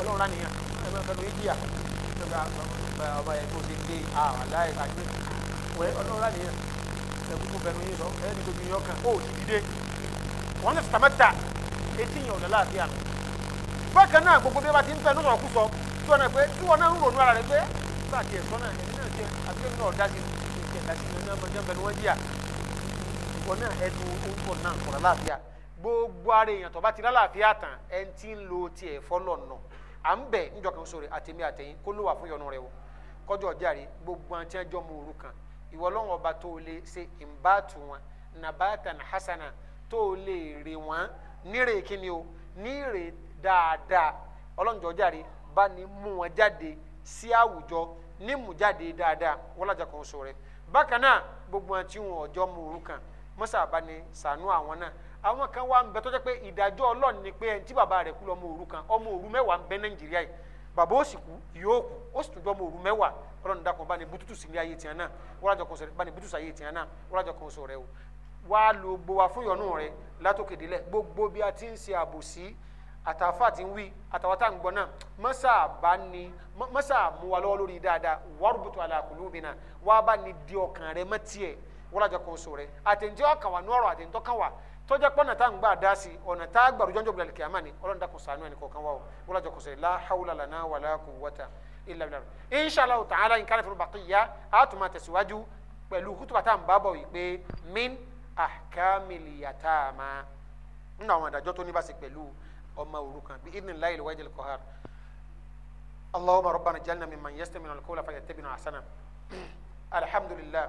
ọlọ́run lá wẹ ọdún ọlá nìyẹn ẹkúkú bẹnu yìí lọ ẹ nìkan yìí ọkàn ó ti dìde wọn lè sàmẹ ta etí yẹn ọ̀nà láàbí àná bákan náà gbogbo bí wọn bá ti ń fẹ́ ní sọ̀rọ̀ kú sọ tí wọn náà pé tí wọn náà ń ronú ara rẹ pé bá tiẹ̀ sọ náà ẹni náà jẹ àbí ẹni náà dá sí i ìṣẹ̀ dá sí i náà mọ̀ àtẹ̀mí àtẹ̀yìn kó ló wà fún yọnu rẹ o kọjọ ọjà rẹ gbogbo àti ẹjọ́ mú kan ìwọ lọ́wọ́ ọba tó o lè ṣe ìbátu wọn nabatan hasana tó o lè rè wọn nírè kíni o nírè dáadáa ọlọ́njọ́ jáde bá ní mú wọn jáde sí àwùjọ ní mú jáde dáadáa kan sọ rẹ bákan náà gbogbo wọn tí wọn ọjọ́ mú kan mọ́sá sànú àwọn náà àwọn kan ń bẹ bàbá òsì kú yóò kú ó sì tún gbọ́ mọ̀ òru mẹ́wàá ọlọ́run dákun bá bututu sí ní ayé tiẹ̀ náà wọ́lájọ kan sọ̀rọ̀ bá ní bututu sí ayé tiẹ̀ náà wọ́lájọ kan sọ̀rọ̀ rẹ o wá lo gbogbo wa fún ìyọnu rẹ látòkè délẹ̀ gbogbo bí a ti ń ṣe àbòsí àtàfà ti ń wí àtàwọn tá à ń gbọ́ náà mọ́sà bá ní mọ́sà mú wa lọ́wọ́ lórí dáadáa wárúbùtù àlàkùnrin mi náà wá bá ní di ọkàn rẹ mọ́ wọ́lájọ kan sọ̀rọ̀ rẹ àtẹ̀ntẹ́ ọkàn wa nọ́ọ̀rọ̀ àtẹ̀ntẹ́ ọkàn wa tọjá pọnà tá à ń gbà dá sí ọ̀nà tá a gbà rújọ́njọ́ gbìlẹ̀ kìámà ni ọlọ́run dàkún sànú ẹni kọ̀ọ̀kan wá o wọ́n lọ́jọ́ kò sẹ́yìn la hawla lana wala quwwata illa billah inshallah ta'ala in kana fil baqiya a tún máa tẹ̀síwájú pẹ̀lú kútùbà tá à ń bá bọ̀ yìí pé min ahkamil yatama nínú àwọn àdájọ́ tó ní bá ṣe pẹ̀lú ọmọ òrukàn bí idhnillahil wahidil qahhar allahumma rabbana jalna mimman yastami'una al-qawla fayattabi'una ahsana alhamdulillah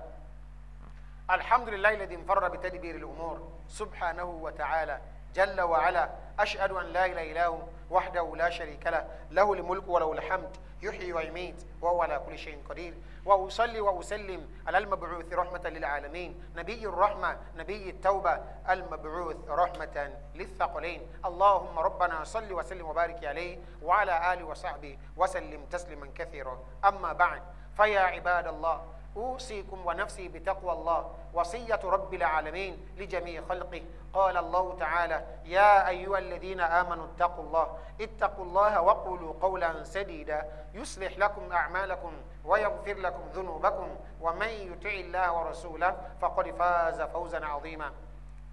الحمد لله الذي انفر بتدبير الأمور سبحانه وتعالى جل وعلا أشهد أن لا إله إلا هو وحده لا شريك له له الملك وله الحمد يحيي ويميت وهو على كل شيء قدير وأصلي وأسلم على المبعوث رحمة للعالمين نبي الرحمة نبي التوبة المبعوث رحمة للثقلين اللهم ربنا صل وسلم وبارك عليه وعلى آله وصحبه وسلم تسليما كثيرا أما بعد فيا عباد الله أوصيكم ونفسي بتقوى الله وصية رب العالمين لجميع خلقه قال الله تعالى يا أيها الذين آمنوا اتقوا الله اتقوا الله وقولوا قولا سديدا يصلح لكم أعمالكم ويغفر لكم ذنوبكم ومن يطع الله ورسوله فقد فاز فوزا عظيما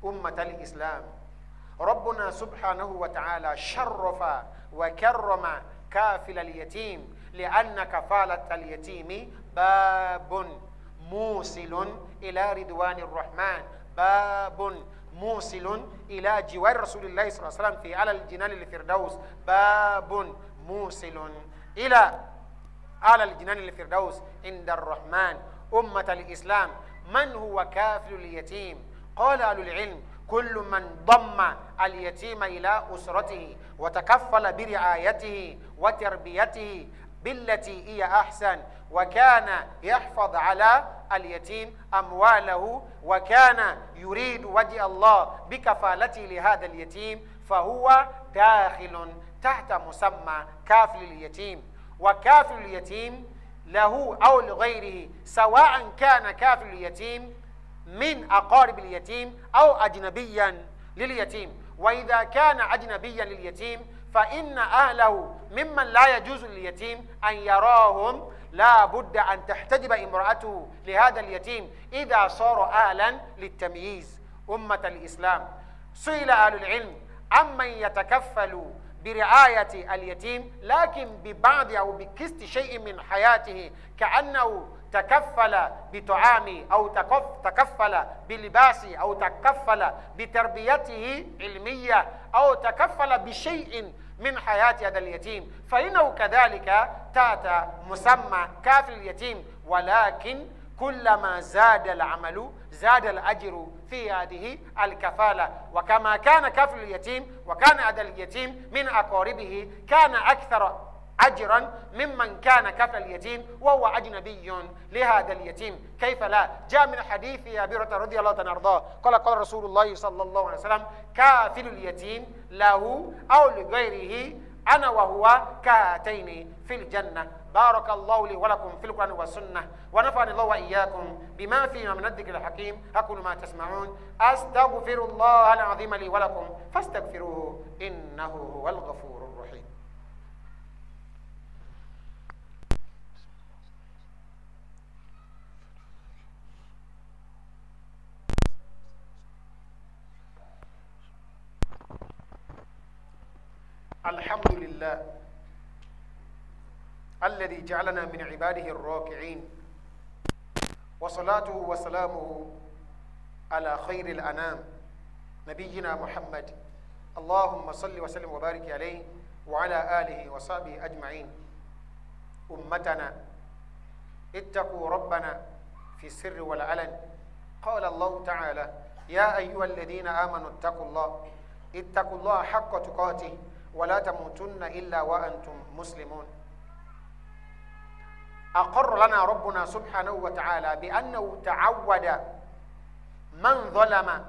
أمة الإسلام ربنا سبحانه وتعالى شرف وكرم كافل اليتيم لأن كفالة اليتيم باب موصل إلى رضوان الرحمن باب موصل إلى جوار رسول الله صلى الله عليه وسلم في على الجنان الفردوس باب موصل إلى على الجنان الفردوس عند الرحمن أمة الإسلام من هو كافل اليتيم قال أهل العلم كل من ضم اليتيم إلى أسرته وتكفل برعايته وتربيته بالتي هي أحسن وكان يحفظ على اليتيم أمواله وكان يريد وجه الله بكفالته لهذا اليتيم فهو داخل تحت مسمى كافل اليتيم وكافل اليتيم له أو لغيره سواء كان كافل اليتيم من أقارب اليتيم أو أجنبيا لليتيم وإذا كان أجنبيا لليتيم فإن أهله ممن لا يجوز لليتيم أن يراهم لا بد أن تحتجب امرأته لهذا اليتيم إذا صار آلا للتمييز أمة الإسلام سئل أهل العلم عمن يتكفل برعاية اليتيم لكن ببعض أو بكست شيء من حياته كأنه تكفل بطعامه أو تكفل بلباسي أو تكفل بتربيته علمية أو تكفل بشيء من حياة هذا اليتيم فإنه كذلك تأتى مسمى كافل اليتيم ولكن كلما زاد العمل زاد الأجر في هذه الكفالة وكما كان كفل اليتيم وكان هذا اليتيم من أقاربه كان أكثر أجرا ممن كان كفل اليتيم وهو أجنبي لهذا اليتيم كيف لا جاء من حديث يا بيرة رضي الله عنه أرضاه قال قال رسول الله صلى الله عليه وسلم كافل اليتيم له أو لغيره أنا وهو كاتين في الجنة بارك الله لي ولكم في القرآن والسنة ونفعني الله وإياكم بما فيما من الذكر الحكيم أقول ما تسمعون أستغفر الله العظيم لي ولكم فاستغفروه إنه هو الغفور الحمد لله الذي جعلنا من عباده الراكعين وصلاته وسلامه على خير الأنام نبينا محمد اللهم صل وسلم وبارك عليه وعلى آله وصحبه أجمعين أمتنا اتقوا ربنا في السر والعلن قال الله تعالى يا أيها الذين آمنوا اتقوا الله اتقوا الله حق تقاته ولا تموتن إلا وأنتم مسلمون أقر لنا ربنا سبحانه وتعالى بأنه تعود من ظلم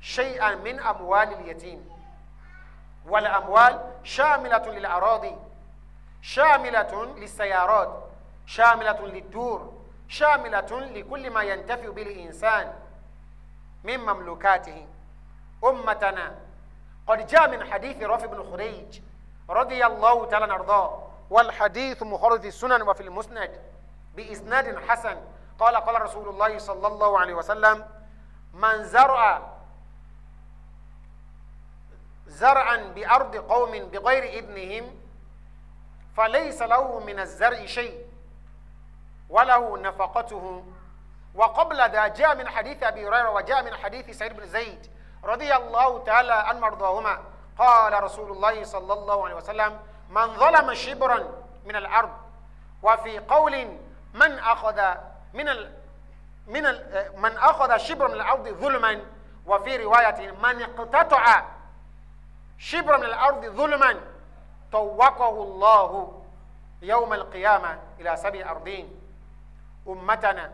شيئا من أموال اليتيم والأموال شاملة للأراضي شاملة للسيارات شاملة للدور شاملة لكل ما ينتفع به الإنسان من مملوكاته أمتنا قد جاء من حديث رافع بن خريج رضي الله تعالى عنه والحديث مخرج في السنن وفي المسند بإسناد حسن قال قال رسول الله صلى الله عليه وسلم من زرع زرعا بأرض قوم بغير إذنهم فليس له من الزرع شيء وله نفقته وقبل ذا جاء من حديث أبي هريرة وجاء من حديث سعيد بن زيد رضي الله تعالى عن مرضاهما قال رسول الله صلى الله عليه وسلم من ظلم شبرا من الأرض وفي قول من أخذ من ال من ال من أخذ شبرا من الأرض ظلما وفي رواية من اقتطع شبرا من الأرض ظلما طوقه الله يوم القيامة إلى سبع أرضين أمتنا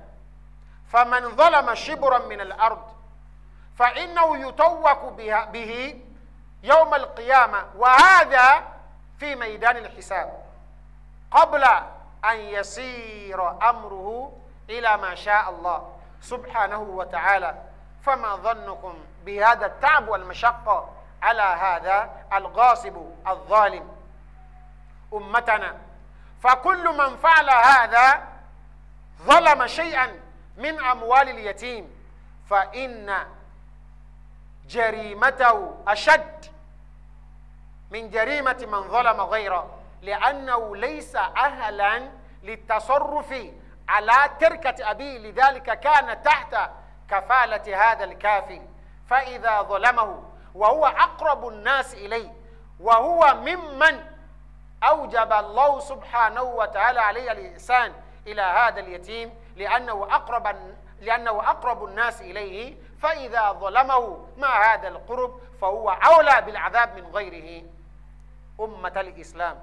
فمن ظلم شبرا من الأرض فإنه يتوق به يوم القيامة وهذا في ميدان الحساب قبل أن يسير أمره إلى ما شاء الله سبحانه وتعالى فما ظنكم بهذا التعب والمشقة على هذا الغاصب الظالم أمتنا فكل من فعل هذا ظلم شيئا من أموال اليتيم فإن جريمته أشد من جريمة من ظلم غيره لأنه ليس أهلا للتصرف على تركة أبيه لذلك كان تحت كفالة هذا الكافر فإذا ظلمه وهو أقرب الناس إليه وهو ممن أوجب الله سبحانه وتعالى عليه الإحسان إلى هذا اليتيم لأنه أقرب لأنه أقرب الناس إليه فإذا ظلمه مع هذا القرب فهو أولى بالعذاب من غيره أمة الإسلام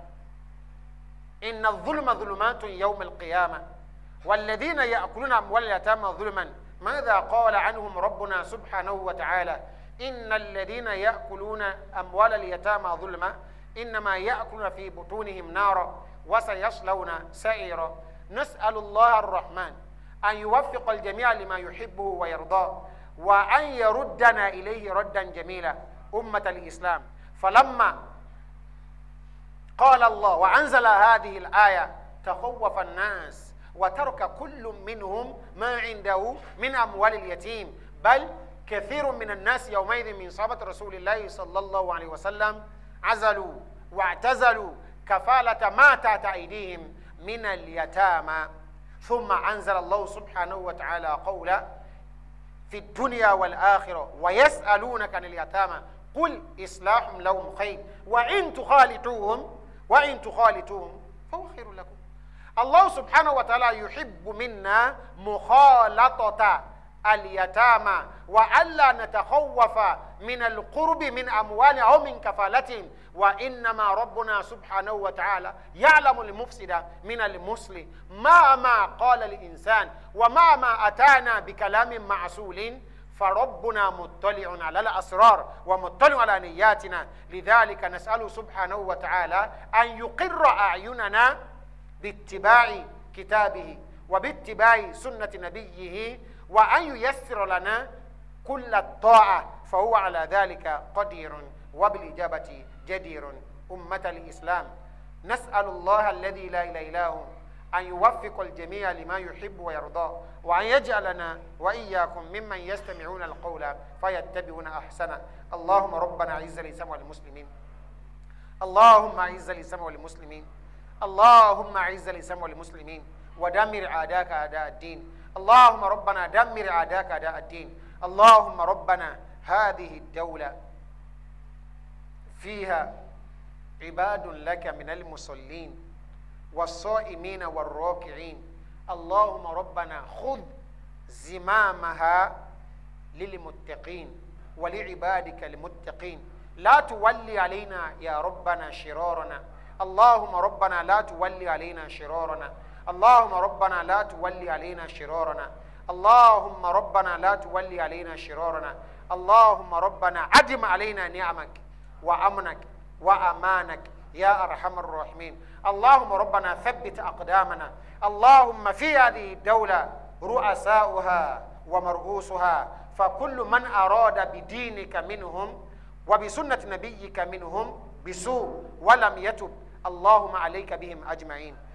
إن الظلم ظلمات يوم القيامة والذين يأكلون أموال اليتامى ظلما ماذا قال عنهم ربنا سبحانه وتعالى إن الذين يأكلون أموال اليتامى ظلما إنما يأكلون في بطونهم نارا وسيصلون سعيرا نسأل الله الرحمن أن يوفق الجميع لما يحبه ويرضاه وأن يردنا إليه ردا جميلا أمة الإسلام فلما قال الله وأنزل هذه الآية تخوف الناس وترك كل منهم ما عنده من أموال اليتيم بل كثير من الناس يومئذ من صحابة رسول الله صلى الله عليه وسلم عزلوا واعتزلوا كفالة ما تات أيديهم من اليتامى ثم أنزل الله سبحانه وتعالى قولا في الدنيا والآخرة ويسألونك عن اليتامى قل إصلاح لهم خير وإن تخالطوهم وإن تخالطوهم فهو خير لكم الله سبحانه وتعالى يحب منا مخالطة اليتامى وألا نتخوف من القرب من أموال أو من كفالتهم وإنما ربنا سبحانه وتعالى يعلم المفسد من المسلم ما ما قال الإنسان وما ما أتانا بكلام معسول فربنا مطلع على الأسرار ومطلع على نياتنا لذلك نسأل سبحانه وتعالى أن يقر أعيننا باتباع كتابه وباتباع سنة نبيه وأن ييسر لنا كل الطاعة فهو على ذلك قدير وبالإجابة جدير أمة الإسلام نسأل الله الذي لا إله إلا هو أن يوفق الجميع لما يحب ويرضى وأن يجعلنا وإياكم ممن يستمعون القول فيتبعون أحسنا اللهم ربنا عز الإسلام والمسلمين اللهم عز الإسلام والمسلمين اللهم عز الإسلام والمسلمين ودمر أعداءك أعداء الدين اللهم ربنا دمر أعداءك أعداء الدين اللهم ربنا هذه الدولة فيها عباد لك من المصلين والصائمين والراكعين اللهم ربنا خذ زمامها للمتقين ولعبادك المتقين لا تولي علينا يا ربنا شرارنا اللهم ربنا لا تولي علينا شرارنا اللهم ربنا لا تولي علينا شرارنا اللهم ربنا لا تولي علينا شرارنا اللهم ربنا عدم علينا نعمك وأمنك وأمانك يا أرحم الراحمين اللهم ربنا ثبت أقدامنا اللهم في هذه الدولة رؤساؤها ومرؤوسها فكل من أراد بدينك منهم وبسنة نبيك منهم بسوء ولم يتب اللهم عليك بهم أجمعين